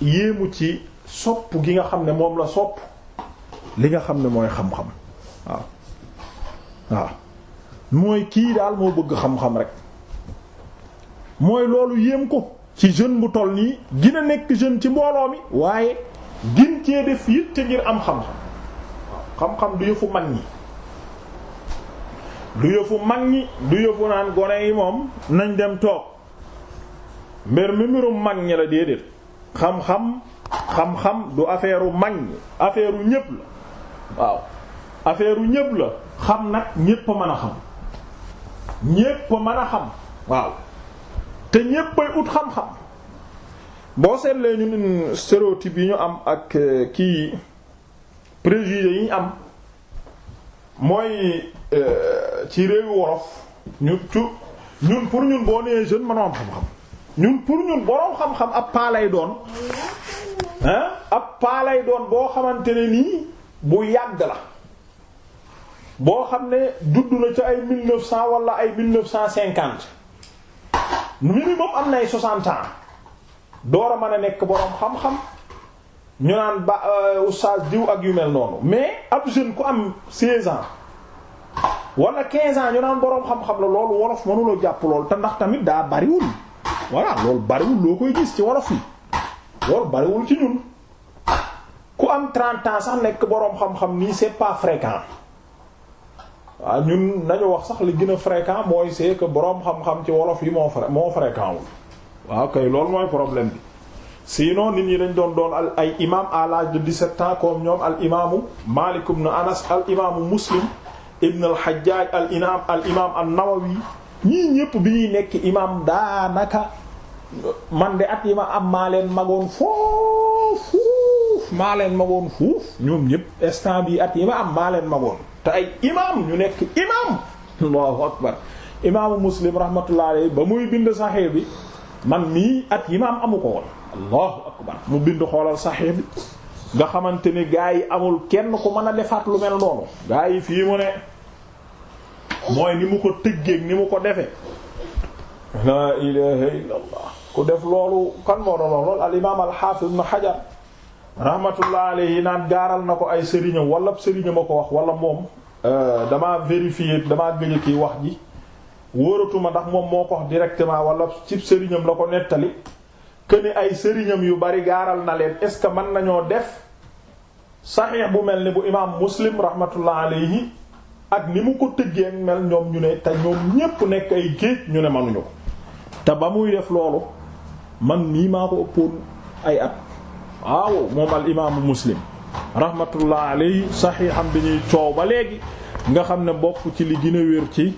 yéemu ci sopp gi nga xam ne moom la sopp li nga xam ne mooy xam-xam waaw waaw mooy kii daal moo bëgg xam-xam rek mooy loolu yéem ko ci jeune bu toll nii gina nekk jeune ci mbooloo mi waaye gin cee def te ngir am xam-xam xam-xam du yëfu mag ñi du yëfu mag naan gone yi moom nañ dem toog mbir mi mbirum mag ñi la déedéet xam-xam xam-xam du affaire u mag ñi affaire u ñépp la waaw affaire u ñëpp la xam nag ñëpp a mën a xam ñëpp a mën a xam waaw te ñëppay ut xam-xam boo seetlee ñu ne stéréotype yi ñu am ak euh, kii préjugés yi ñu am mooy euh, ci réewu wolof ñun tu ñun pour ñun boo nee jeune mënoo am xam-xam ñun pour ñun boroom xam-xam ab paalay doon ab paalay doon boo xamante ne nii. bu yàgg la boo xam ne judd na ca ay mille neuf cent wala ay mille neuf cent cinquante minimum am nay soixante ans door a mën a nekk boroom xam-xam ñu naan ba euh, oustaz diw ak yu mel noonu mais ab jeune ku am seize ans wala quinze ans ñu naan boroom xam-xam la loolu wolof mënula jàpp loolu te ndax tamit daa bariwul voilà loolu bariwul loo koy gis ci wolof yi loolu bariwul ci ñun ku am 30 ans sax nekk boroom xam-xam nii c'est pas fréquent ah, ñun nañu wax sax li gën a fréquent mooy c'est que boroom xam-xam ci wolof yi moo moo fréquent wul waaw ah, kay loolu mooy problème bi sinon nit ñi dañ doon doon al ay imam à l'âge de 17 ans comme ñoom al imaamu Malik ibn Anas al imaamu Muslim ibn al Hajjaj al imam al imam an-Nawawi ñii ñëpp bi ñuy nekk imam daanaka man de at yi ma am maa leen magoon foof maa leen magoon fuuf ñoom ñëpp instant bi at yi ma am maa leen magoon te ay imam ñu nekk imam allahu akbar imaamu muslim rahmatullah ba muy bind saxix bi man mii at yi ma am amu ko woon allahu akbar mu bind xoolal saxix bi nga xamante ni gaa yi amul kenn ku mën a defaat lu mel noonu gaa yi fii mu ne mooy ni mu ko tëggeeg ni mu ko defe la ilaha illallah ku def loolu kan moo doon wax loolu al imaam al xaafis ibn xajar rahmatullah alayhi naan gaaral na ko ay sëriñam wala sëriñam ma ko wax wala moom euh, dama vérifier damaa gëj ki wax ji wóoratuma ndax moom moo ko wax directement wala cib sëriñam la ko nettali que ni ay sëriñam yu bari gaaral na leen est ce que mën nañoo def saxiix bu mel ni bu imaam muslim rahmatullah alayhi ak ni mu ko tëggee mel ñoom ñu ne te ñoom ñépp nekk ay géej ñu ne manuñu ko te ba muy def loolu. man mii maa ko ëppoon ay at waaw moom al muslim rahmatullah alayhi saxiixam bi ñuy coow ba léegi nga xam ne bokk ci li gën ci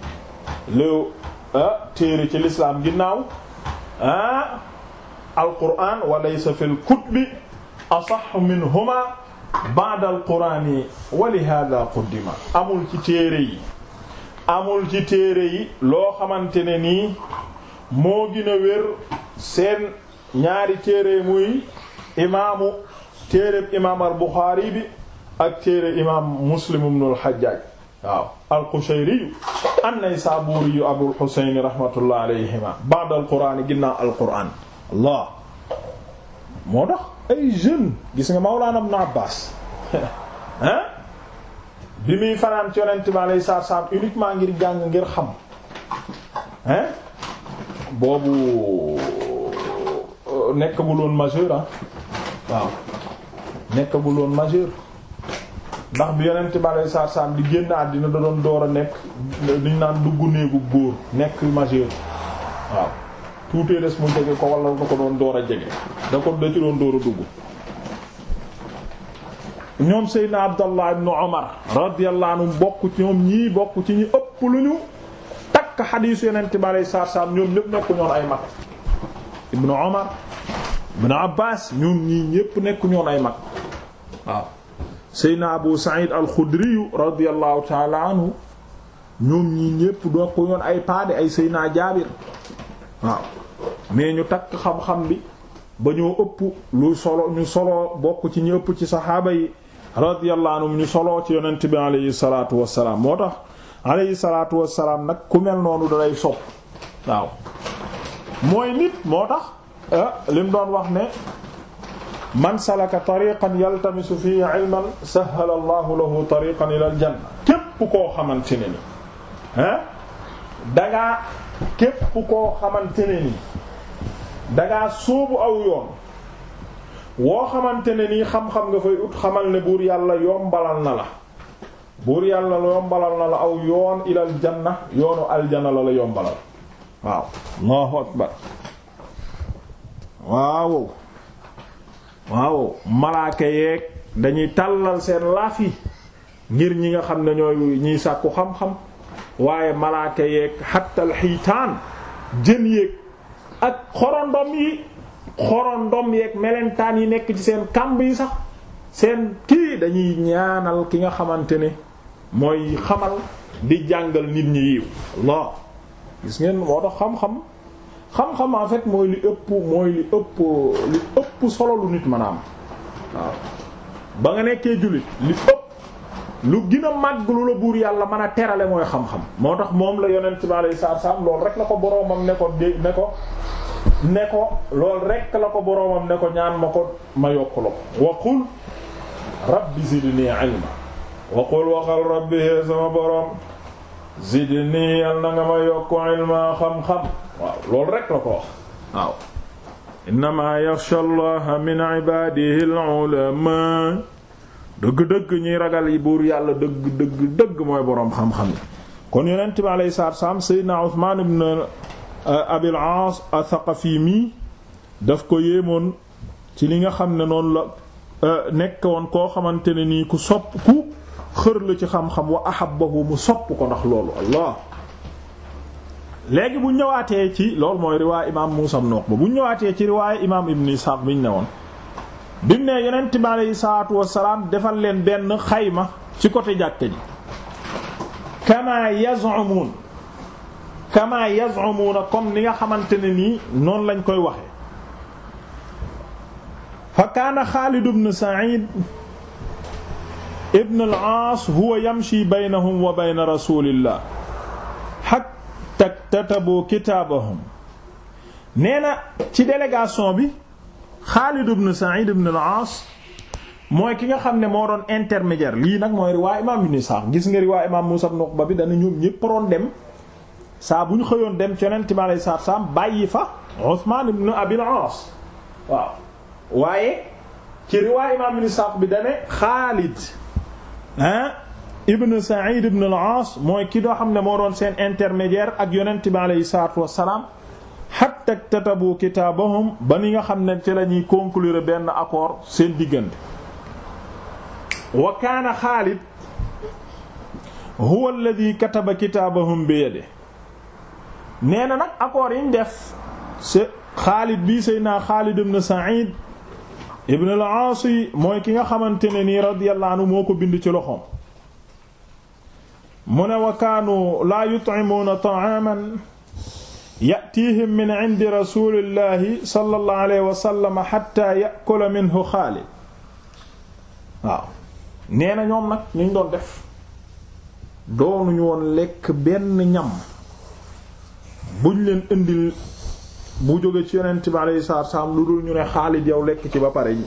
lu ah, téere ci lislaam ginnaaw ah alquran wa laysa fil kutubi asaxu minhuma ba'da alqurani wa lihada quddima amul ci téere yi amul ci téere yi loo xamante ne nii moo gën a wér seen ñaari téere muy imaamu téereb imaam al Buxaari bi ak téere imaam Muslim ibnul Hajjaaj waaw al-Qushayri an-Naysaburi Abul Husayn al-Qur'aan ginnaaw Allah moo tax ay jeune gis nga Mawlaana Ibn Abbaas hein bi muy fanaan ci bi alayhi salaam ngir jàng ngir xam hein boobu euh, nekkaguloon majeur ah waaw nekkaguloon majeur ndax bi yonent bi aleyhi salaatu salaam di génn àddina da doon door a nekk liñ naan dugg néegu góor nekk majeur waaw tuutee des mu jege ko wala da ko doon door a jege da ko da ci doon door a dugg ñoom Seydina Abdallah ibn Omar radiyallahu anhu bokk ci ñoom ñii bokk ci ñu ëpp lu ñu que xadiis yonent bi alayhi salaatu salaam ñoom nekku ñoon ay mag ibnu Omar ibnu Abbaas ñoom ñii ñépp nekku ñoon ay mag waaw Seydina Abu Saïd al-Khudri radiyallahu taala anhu ñoom ñii ñépp nekku ñoon ay paade ay Seydina Jaabir waaw mais ñu takk xam-xam bi ba ñoo ëpp lu solo ñu solo bokk ci ñu ëpp ci saxaaba yi radiyallahu anhum ñu solo ci yonent bi alayhi salaatu wassalaam moo tax alayhi salaatu wassalaam nag ku mel noonu dalay sopp waaw mooy nit moo tax ah, li mu doon wax ne man salaka tariqan yaltamisu fihi ilman sahala allahu lahu tariqan koo xamante ne ni ah dangaa képp koo xamante ne ni aw yoon woo xamante ne nii xam-xam nga fay ut xamal ne buur yàlla yombalal na la buur yàlla la yombalal na la aw yoon ilal janna yoonu aljana la la yombalal waaw allahu akbar waaw waaw malaaka yeeg dañuy tàllal seen laaf yi ngir ñi nga xam ne ñooy ñuy sàkku xam-xam waaye malaaka yeek xattal xiitaan jën yeeg ak xorondom yi xorondom yeeg melentaan yi nekk ci seen kàmb yi sax seen kii dañuy ñaanal ki nga xamante ne mooy xamal di jàngal nit ñi yiw Allah gis ngeen moo tax xam-xam xam-xam en fait mooy li ëpp mooy li ëpp li ëpp solo lu nit mën a am waaw ba nga nekkee jullit li ëpp lu gin a màgg lu la buur yàlla mën a terale mooy xam-xam moo tax moom la yonent bi alayhi salaatu salaam loolu rek la ko boroomam ne ko dé ne ko ne ko loolu rek la ko boroomam ne ko ñaan ma ko ma yokku la ko wa qul rabbi zidni ilma waqul waxal rabbi hee sama borom zidni yal na nga ma yokku ilma xam-xam waaw loolu rek la ko wax waaw innama yaxsha allaha min ibadihi al dëgg-dëgg ñuy ragal yi buur yàlla dëgg dëgg dëgg mooy boroom xam-xam yi kon yonent bi alayhi salaatu wassalaam sayyidina Usmaan ibn euh, Abil Aas ath-Thaqafi mi daf ko yéemoon ci li nga xam ne noonu la euh, nekk woon koo xamante ne nii ku sopp ku xër la ci xam-xam wa ahabbahu mu sopp ko ndax loolu allah léegi bu ñëwaatee ci lool mooy riwaay imaam Muusaa ibn Uqba bu ñëwaatee ci riwaay imaam Ibn Isaaq biñ ne woon bi mu ne yonent bi aleyhi salaatu wassalaam defal leen benn xayma ci côté jàkka ji kama yaz'umuun kama yaz'umuuna comme ni nga xamante ne nii noonu lañ koy waxe fa kaana Xaalid ibn Sa'iid ibn al-Aas huwa yamshi baynahum wa bayna rasulillah hatta tatabu kitaabahum nee na ci délégation bi Xaalid ibn Saïd ibn al-Aas mooy ki nga xam ne moo doon intermédiaire lii nag mooy riwaa imaam Ibn Isaaq gis nga riwaa imaam Muusaa ibn Uqba bi dana ñoom ñépp waroon dem saa bu ñu xëyoon dem ci Yonent bi alayhi salaatu salaam bàyyi fa Usmaan ibn Abil Aas waaw waaye ci riwaa imaam Ibn Isaaq bi dane Xaalid ah ibn Sa'id ibn al-Aas mooy ki doo xam ne moo doon seen intermédiaire ak yonent bi aleyhi salaatu wassalaam hatta tatabu kitaabahum ba ni nga xam ne ci la ñuy conclure benn accord seen diggante wa kaana Xaalid huwa alladhi kataba kitaabahum bi yadihi nee na nag accord yiñ def c'est Xaalid bii Seydina Xaalid ibn Sa'id ibn al-Aas mooy ki nga xamante ne nii radiyallahu anhu moo ko bind ci loxoom mu ne wa kaanu laa yut'imuuna ta'aaman ya'tiihim min 'indi rasuulillahi sallallahu alayhi wa sallam hatta ya'kula minhu Xaalid waaw nee na ñoom nag ñu doon def doonuñu woon lekk benn ñam buñ leen indil bu jógee ci yonent bi alayhi salaatu wassalaam lu dul ñu ne Xaalid yow lekk ci ba pare yi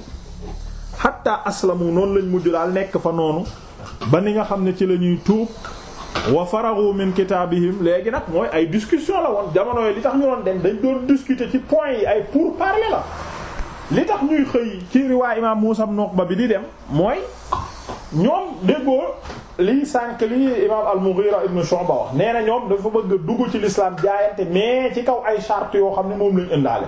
xatta aslamu noonu lañ mujj daal nekk fa noonu ba ni nga xam ne ci la ñuy tuub wa faragu min kitaabihim léegi nag mooy ay discussion la woon jamono yi li tax ñu doon dem dañ doon discuter ci points yi ay pour parler la li tax ñuy xëy ci riwaay imaam Muusaa ibn Uqba bi di dem mooy ñoom déggoo liy sànk li imaam al-Mughira ibn Shu'ba wax nee na ñoom dafa bëgg a dugg ci l'islam jaayante mais ci kaw ay charte yoo xam ne moom lañ indaale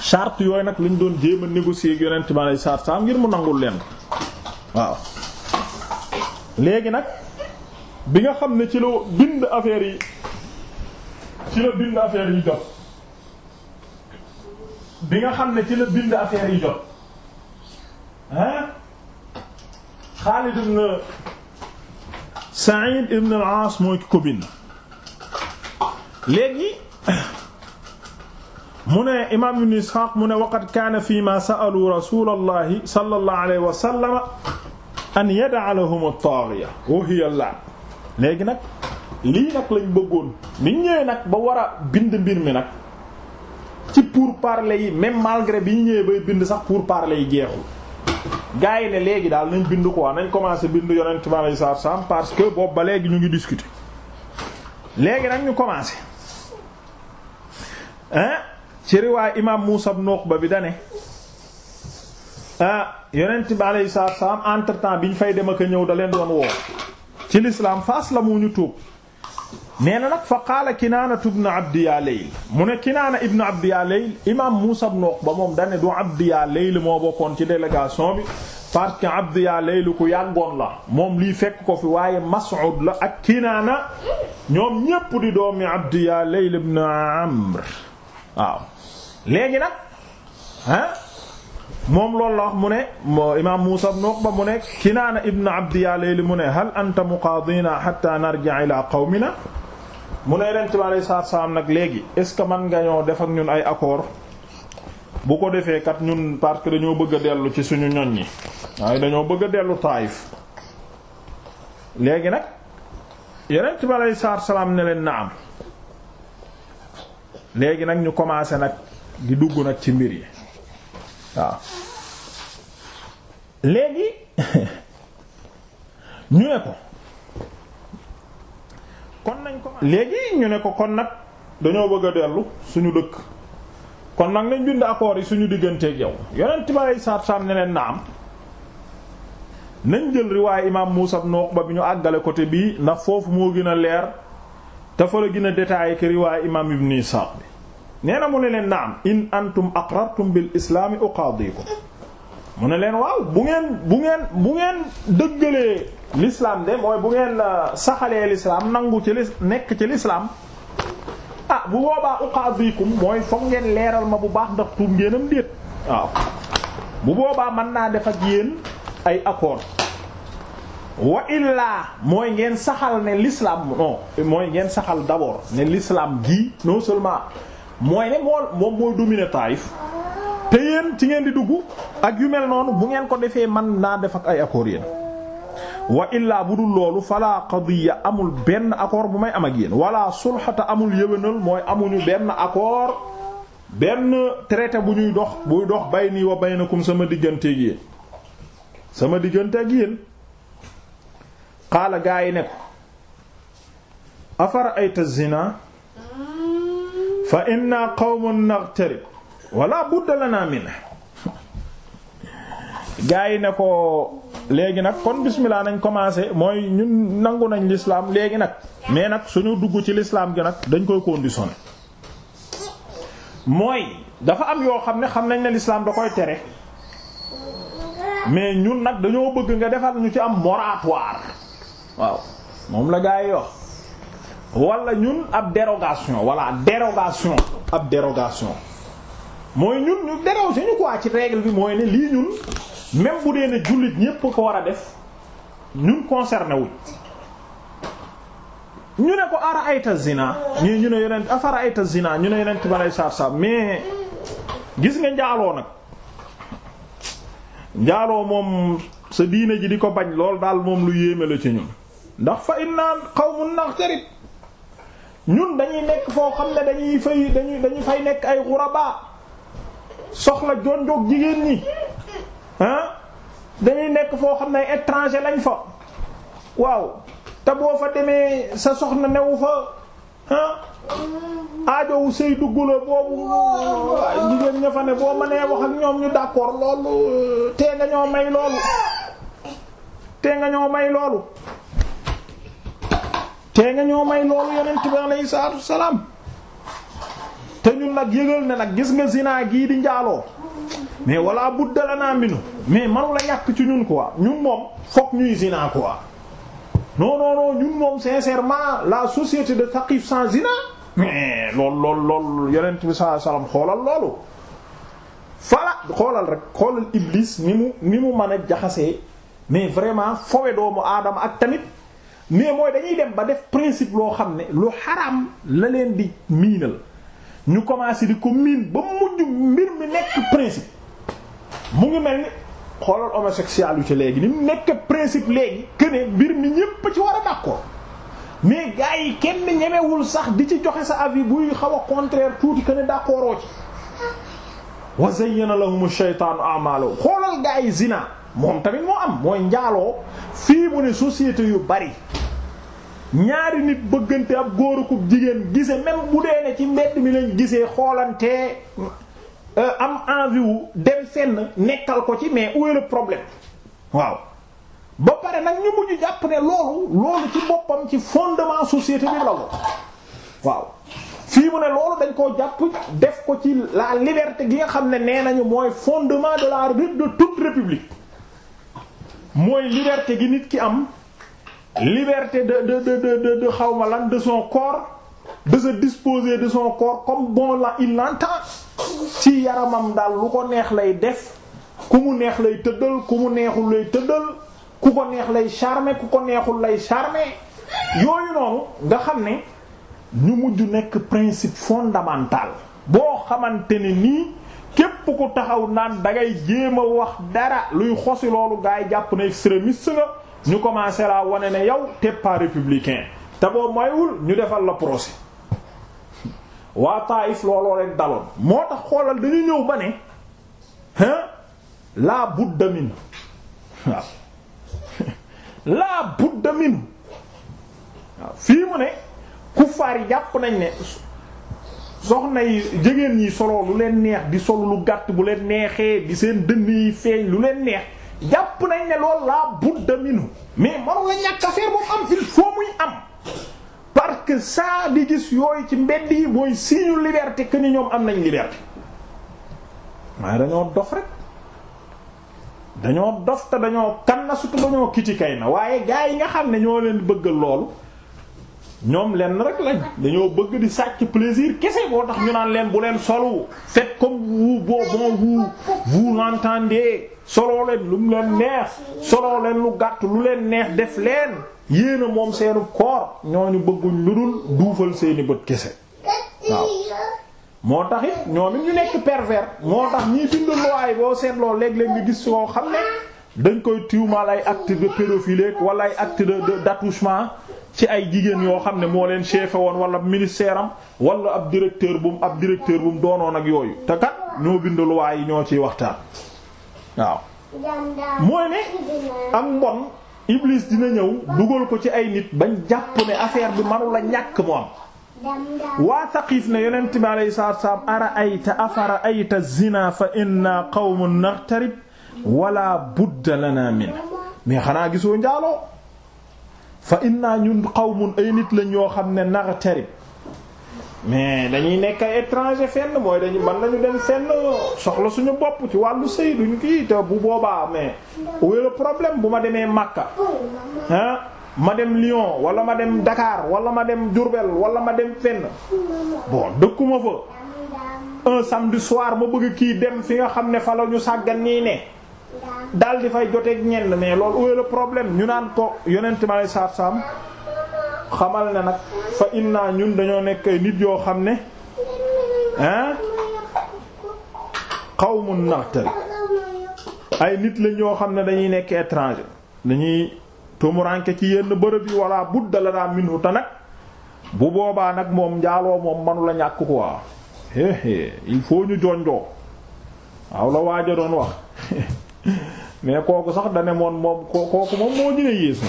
charte yooyu nag lañ doon jéem a négocier yonent ma lay charte sam mu nangul leen nag bi nga xam ne ci bind affaire yi ci la bind affaire yi jot bi nga xam ne ci la bind affaire yi jot hein Xaalid ibn Saïd ibn al-Aas mooy ki ko bind léegi mu ne imaam ibn Isxaaq mu ne waqad kaana fii maa sa'aluu rasuulallaahi sallallaahu alayhi wa sallam an yada'a lahum at-taaxiya wa hiya al-la'n léegi nag lii nag lañ bëggoon niñ ñëwee nag ba war a bind mbir mi nag ci pourparlers yi même malgré bi ñu ñëwee bay bind sax pourparlers yi jeexul gaa yi ne léegi daal nañ bind ko waa nañ commencé bind yonent bi alayhi salaatu salaam parce que boobu ba léegi ñu ngi discuter léegi nag ñu commencé hein ci riwaay imaam Muusaa ibn bi dane ah yonent bi alayhi salaatu salaam entre temps biñ fay dem ak ñëw da leen doon woo ci l'islam faas la mu ñu tuub nee na nag fa qaala Kinaana ibn Abdi yaa mu ne Kinaana ibn Abdi yaa Layl imaam Muusaa ibn Uqba moom dane du moo bokkoon ci bi parce que Abdi la moom lii fekk ko fi waaye Mas'ud la ak Kinaana ñoom ñépp di doomi Abdi yaa Layl ibn nag ah moom loolu la mu ne imaam Muusaa mu ne Kinaana ibn Abdi yaa Layl mu ne hal anta muqaadina hatta narji'a ila qawmina mu ne leen ci wàllu saam nag léegi est ce que man nga ñoo def ak ñun ay accord bu ko defee kat ñun parce que dañoo bëgg a dellu ci suñu ñoñ ñi waaye dañoo bëgg a dellu Taayif léegi nag yeneen ci wàllu saam ne leen na am léegi nag ñu commencé nag di dugg nag ci mbir yi waaw léegi ñu ne ko. kon nañ ko léegi ñu ne ko kon nag dañoo bëgg a dellu suñu dëkk kon nag nañ bind accords yi suñu digganteeg yow yonent bi aleyhi salaatu salaam ne leen na am nañ jël riwaay imaam Muusaa ibn Uqba bi ñu àggale côté bii ndax foofu moo gën a leer te fa la gën a détaillé que riwaay imaam Ibn Isaaq bi nee na mu ne leen am in antum aqrartum bil islaami uqaadikum mu ne leen waaw bu ngeen bu ngeen bu ngeen dëggalee l'islam de mooy bu ngeen euh, saxalee lislaam nangu ci li nekk ci l'islam ah bu boobaa uqaadikum mooy foog ngeen leeral ma bu baax ndax tuub ngeenam déet waaw bu boobaa mën naa def ak yéen ay accord wa illaa mooy ngeen saxal ne lislaam non mooy ngeen saxal d'abord ne l'islam gii non seulement mooy ne mool moom mooy dominer Taïf te yéen ci ngeen di dugg ak yu mel noonu bu ngeen ko defee man naa def ak ay accord yéen wa illaa bu dul loolu fala qadiya amul benn accord bu may am ak yéen wala sulxata amul yëwénal mooy amuñu benn accord benn traité bu ñuy dox buy dox bay nii wa baynakum sama digganteeg yéen sama digganteeg yéen xaala gaa yi ne ko afara ayta zina fa inna qawmun naqtarib wala budda lana minhu gaa yi ne ko léegi nag kon bismillah nañ commencé mooy ñun nangu nañ lislaam léegi nag mais nag suñu dugg ci lislaam gi nag dañ koy conditionné mooy dafa am yoo xam ne xam nañ ne lislaam da koy tere mais ñun nag dañoo bëgg nga defar ñu ci am moratoire waaw moom la gaa yi wax wala ñun ab dérogation wala dérogation ab dérogation mooy ñun ñu dérogé ñu quoi ci règle bi mooy ne lii ñun même bu dee ne jullit ñépp ko war a def ñun concerné wuñ ñu ne ko ara ay zina ñii ñu ne yonent afara ayta zina ñu ne yonent balay saab-saab mais gis nga njaaloo nag njaaloo moom sa diine ji di ko bañ lool daal moom lu yéeme la ci ñun ndax fa inna qawmun naqtarib ñun dañuy nekk foo xam ne dañuy fay dañuy dañuy fay nekk ay xuraba soxla jonjoog jigéen ñi ah dañuy nekk foo xam ne étranger lañ fa waaw te boo fa demee sa soxna newu fa ah aajowu sëy duggula boobu jigéen ña fa ne boo mënee wax ak ñoom ñu d'accord loolu tee nga ñoo may loolu tee nga ñoo may loolu tee nga ñoo may loolu salaam te ñun nag yëgal ne nag gis nga zinaa gii di njaaloo mais wala budda lanaa minu mais manu la ñàkk ci ñun quoi ñun moom fokk ñuy zina quoi non non non ñun moom sincèrement la société de Thaqif sans zina mais lool lool lool yeneen bi sallallahu xoolal loolu fala xoolal rek xoolal iblis ni mu ni mu mën a jaxasee mais vraiment fowe doomu aadama ak tamit mais mooy dañuy dem ba def principe loo xam ne lu xaraam la leen di miinal ñu commencé di ko miin ba mujj mbir mi nekk principe mu ngi mel ni xoolal ci léegi ni mu nekk principe léegi que mbir mi ñépp ci war a d'accord mais gars yi kenn ñemewul sax di ci joxe sa avis buy xaw a contraire tuuti que ne d'accordoo ci. wa zayyana lahum ash-shaytaanu a'maalahum xoolal gars yi zina moom tamit moo am mooy njaaloo fii mu ne société yu bari ñaari nit bëggante ab góor ak jigéen gise même bu dee ne ci mbedd mi lañ gisee xoolantee Euh, am envie wu dem seen nekkal ko ci mais où est le problème waaw ba pare nag ñu ñu jàpp ne loolu loolu ci boppam ci fondement société bi la ko waaw fii mu ne loolu dañ koo jàpp def ko ci la liberté gi nga xam ne nee nañu mooy fondement de la de toute république mooy liberté gi nit ki am liberté de de de de de xawma lan de son corps de se disposer de son corps comme bon la il l'entend ci yaramam daal lu ko neex lay def ku mu neex lay tëddal ku mu neexul lay tëddal ku ko neex lay charmer ku ko neexul lay charmer yooyu noonu nga xam ne ñu mujj nekk principe fondamental boo xamante ni nii képp ku taxaw naan dangay jéem a wax dara luy xosi loolu gaa yi jàpp na extrémiste nga ñu commencé laa wane ne yow t'es pas républicain te boo moywul ñu defal la procès waa Taayif looloo leen daloon moo tax xoolal dañuy ñëw ba ne hein laa budda min waaw laa budda waaw fii mu ne kuffaar yi jàpp nañ ne soxna yi jigéen yi solo lu leen neex di solo lu gàtt bu leen neexee di seen dënn yi feeñ lu leen neex jàpp nañ ne loolu laa budda mais manu la ñàkk affaire moom am il faut muy am parce que saa bi gis yooyu ci mbedd yi mooy signe liberté que ñoom am nañ liberté waaye dañoo dof rek dañoo dof te dañoo kan na surtout dañoo kiti kay na waaye gaa yi nga xam ne ñoo leen bëgg lool ñoom lenn rek lañ dañoo bëgg di sàcc plaisir kese boo tax ñu naan leen bu leen solu faites comme vous bon vous vous l'entendez soloo leen lu mu leen neex soloo leen lu gàtt lu leen neex def leen yéen a moom seenu koor ñooñu bëgguñ lu dul duufal seeni bët kese waaw moo tax it ñoom ñu nekk perver moo tax ñiy bind luwaay boo seetloo léeg-léeg nga gis koo xam ne dañ koy tuumaal ay acte de pédophilie wala ay acte de d'attouchement ci ay jigéen yoo xam ne moo leen chef woon wala ministère am wala ab directeur bu ab directeur bum mu doonoon ak yooyu te kat ñoo bind luwaa ñoo ciy waxtaan waaw. mooy ne ak mbon Iblis dina ñëw dugal ko ci ay nit bañ jàpp ne affaire bi manu la ñàkk mu waa Saqiif ne yonent bi alayhi salaatu salaam ara ayta afara ayta zina fa inna qawmun naqtarib wala budda lana min mais xanaa gisoo njaaloo fa inna ñun qawmun ay nit lañ ñoo xam ne nagtarib mais dañuy nekk ay étranger fenn mooy dañu mën nañu dem fenn soxla suñu bopp ci wàllu sëy duñ kii te bu boobaa mais où est problème bu ma demee Makka ah ma dem Lyon wala ma dem dakaar wala ma dem jurbel wala ma dem fenn bon dëkkuma fa un samedi soir ma bëgg kii dem fi nga xam ne fa la ñu sàggan nii ne daal di fay joteeg ñenn mais lool où est le ñu naan ko yonent ma lay saam xamal ne nag fa inna ñun dañoo nekk nit yoo xam ne hein qawmun na'tal ay nit lañ yoo xam ne dañuy nekk étranger dañuy tumuranke ci yenn bërëb yi walla budda la daa minhu ta nag bu boobaa nag moom njaaloo moom manu la ñàkk quoi il faut ñu jonjoo waaw la waaja doon wax mais kooku sax dane moon moom kooku moom moo gën a yées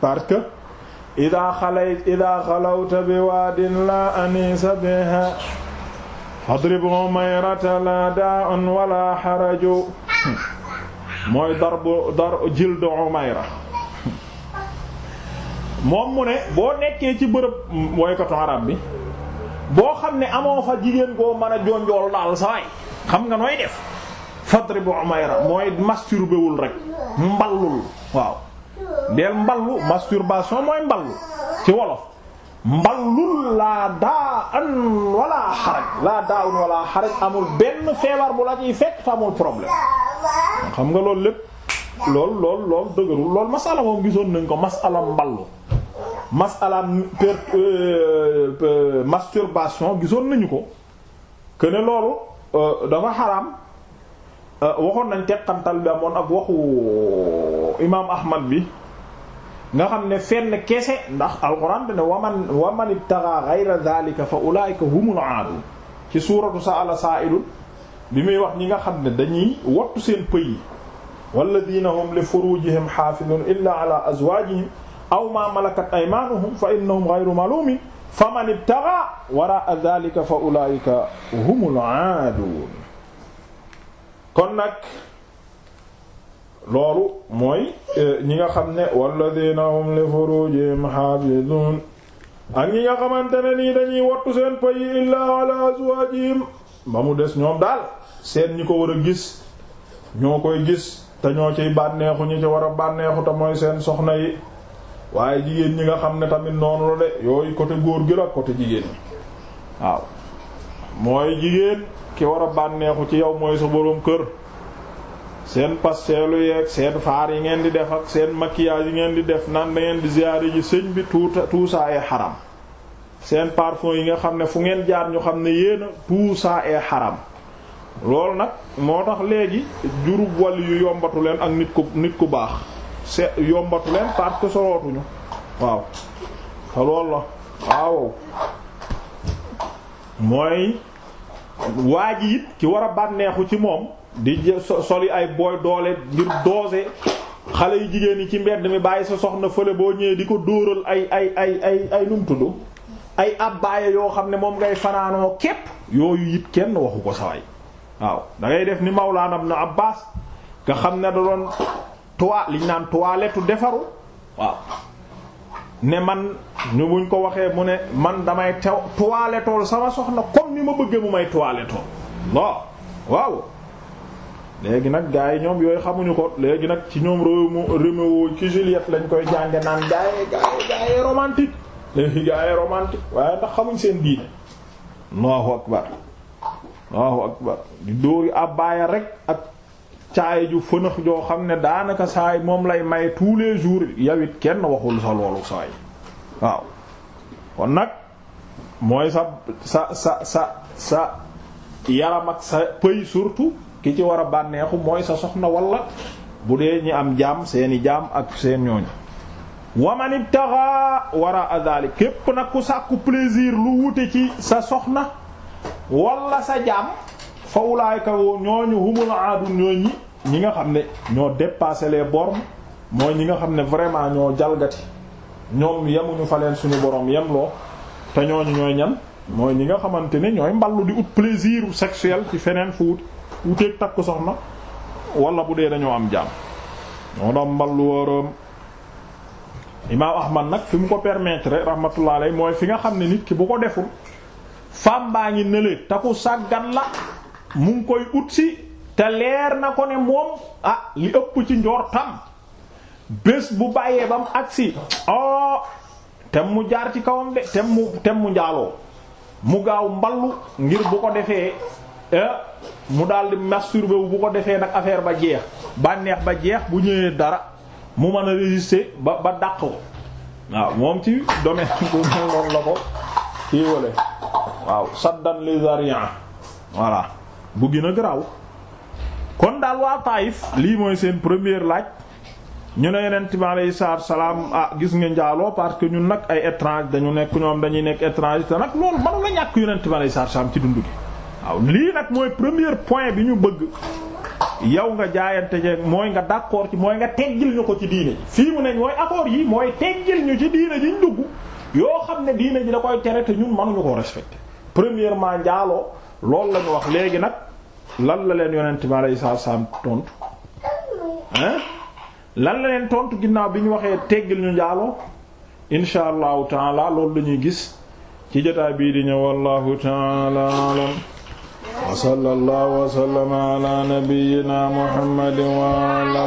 parce que ida xalayt ida xalawta bi waadin la anisa biha fadrib umayrata la da'un wala xaraju mooy dar bu dar jildu umayra moom mu ne boo nekkee ci bërëb mooy ko arab bi boo xam ne amoo fa jigéen koo mën a jonjool daal sawaay xam nga nooy def fadribu umayra mooy masturbé wul rek mballul waaw del mballu masturbation mooy mballu ci wolof mballul laa daa an wala xaraj laa daa un wala xaraj amul benn feebar bu la ciy fekk te amul problème xam nga loolu lépp lool lool lool dëgërul lool masala moom gisoon nañ ko masala mballu masala per euh, euh, masturbation gisoon nañu ko que loolu euh, dafa xaraam Euh, waxoon nañ teqantal bi amoon ak waxu imaam ahmad bi nga xam ne fenn kese ndax alquran dane waman waman ibtaga ghayra dhalika fa ulaika humul suuratu sa'ala saa'ilun bi muy wax ñi nga xam ne dañuy wattu seen pëy yi walladina hum li furujihim xaafidun illa ala azwajihim aw ma malakat aymanuhum fa innahum ghayru malumin faman ibtaga wara dhalika fa ulaika humul kon nag loolu mooy eh, ñi nga xam ne walladina hum li furujihim hafizun ak ñi nga xamante ne nii dañuy wattu seen payi illaa ala azwajihim ba mu des ñoom daal seen ñi ko war a gis ñoo koy gis te ñoo ciy bànneexu ñi ci war a bànneexu te mooy seen soxna yi waaye jigéen ñi nga xam ne tamit noonu la de yooyu côté góor gi la côté jigéen ñi waaw mooy jigéen ki war a bànneexu ci yow mooy sa boroom kër seen pasteelu yeeg seen faar yi ngeen di def ak seen maquillage yi ngeen di def nan da di ziyaare ji sëñ bi tuuta tout ça est xaram seen parfum yi nga xam ne fu ngeen jaar ñu xam ne yéen a tout ça est xaram loolu nag moo tax léegi jurub wàll yu yombatu leen ak nit ku nit ku baax se yombatu leen parce que sorootuñu waaw te loolu la waaw mooy waa ji it ki war a bànneexu ci moom di soli ay booy doole ngir doose xale yu jigéen yi ci mbedd mi bàyyi sa soxna fële boo ñëwee di ko dóoral ay ay ay ay ay num ay abbaaya yoo xam ne moom ngay fanaanoo képp yooyu it kenn waxu ko saway waaw da def ni Mawlaana na Abbaas nga xam ne da doon toi liñ naan toilette defaru waaw ne man ñu buñ ko waxee mu ne man damay tew toiletool sama soxna comme ni ma bëggee mu may toiletool non waaw léegi nag gars yi ñoom yooyu xamuñu ko léegi nag ci ñoom Roméo ci Juliette lañ koy jànge naan gars yi gars yi léegi gars yi waaye ndax xamuñ seen diine Allahu akbar Allahu akbar di dóori abbaaya rek ak caay ju fënax joo xam ne daanaka saay moom lay may tous les jours yow kenn waxul sa loolu saay waaw kon nag mooy sa sa sa sa sa yaram ak sa pëy surtout ki ci war a bànneexu mooy sa soxna wala bu dee ñi am jaam seeni jaam ak seen ñooñu waman ibtaxa wara azali képp nag ku sàkku plaisir lu wute ci sa soxna wala sa jaam fa ulaayka ñooñu humul aadun ñooy ñi ñi nga xam ne ñoo dépassé les bornes mooy ñi nga xam ne vraiment ñoo jalgati ñoom yemuñu fa leen suñu boroom borom loo te ñooñu ñooy ñan mooy ñi nga xamante ne ñooy mballu di ut plaisir sexuel ci feneen fu wut wuteeg takk soxna wala bu dee dañoo am jaam ñoo doon mballu wóoram imaam ahmad nag fi mu ko permettre rahmatullah alay mooy fi nga xam ne nit ki bu ko deful fam baa ngi nële taku sàggan la mu ngi koy ut si te leer na ko ne moom ah li ëpp ci njortam bés bu bàyyee ba mu agsi oh tem mu jaar ci kawam de tem mu tem mu njaaloo mu gaaw mballu ngir bu ko defee eh, mu daldi masturbé wu bu ko defee nag affaire ba jeex bànneex ba jeex bu ñëwee dara mu mën a résister ba ba dàq ko waaw moom ci domaine bu loolu la ko kii wale waaw saddan les ariens bu gën a garaaw kon daal waa Taayif lii mooy seen première laaj ñu ne yonent bi alayhi salaatu salaam ah gis nga njaaloo parce que ñun nag ay étrange dañu nekk ñoom dañuy nekk étrange te nag loolu manu la ñàkk yonent bi alayhi salaam ci dund gi waaw lii nag mooy premier point bi ñu bëgg yow nga jaayante je mooy nga d'accord ci mooy nga teggil ñu ko ci diine ji fii mu ne mooy accord yi mooy teggil ñu ci diine ji ñu yoo xam ne diine ji da koy tere te ñun mënuñu ko respecté premièrement njaaloo loolu la ñu wax léegi nag lan la leen yonent bi alayhi tontu hein lan tontu ginnaaw bi ñu waxee teggil ñu njaaloo insha allahu taala loolu la gis ci jotaay bii di ñëw wallahu taala wa sallallahu wa sallama ala nabiyyina muhammadin wa ala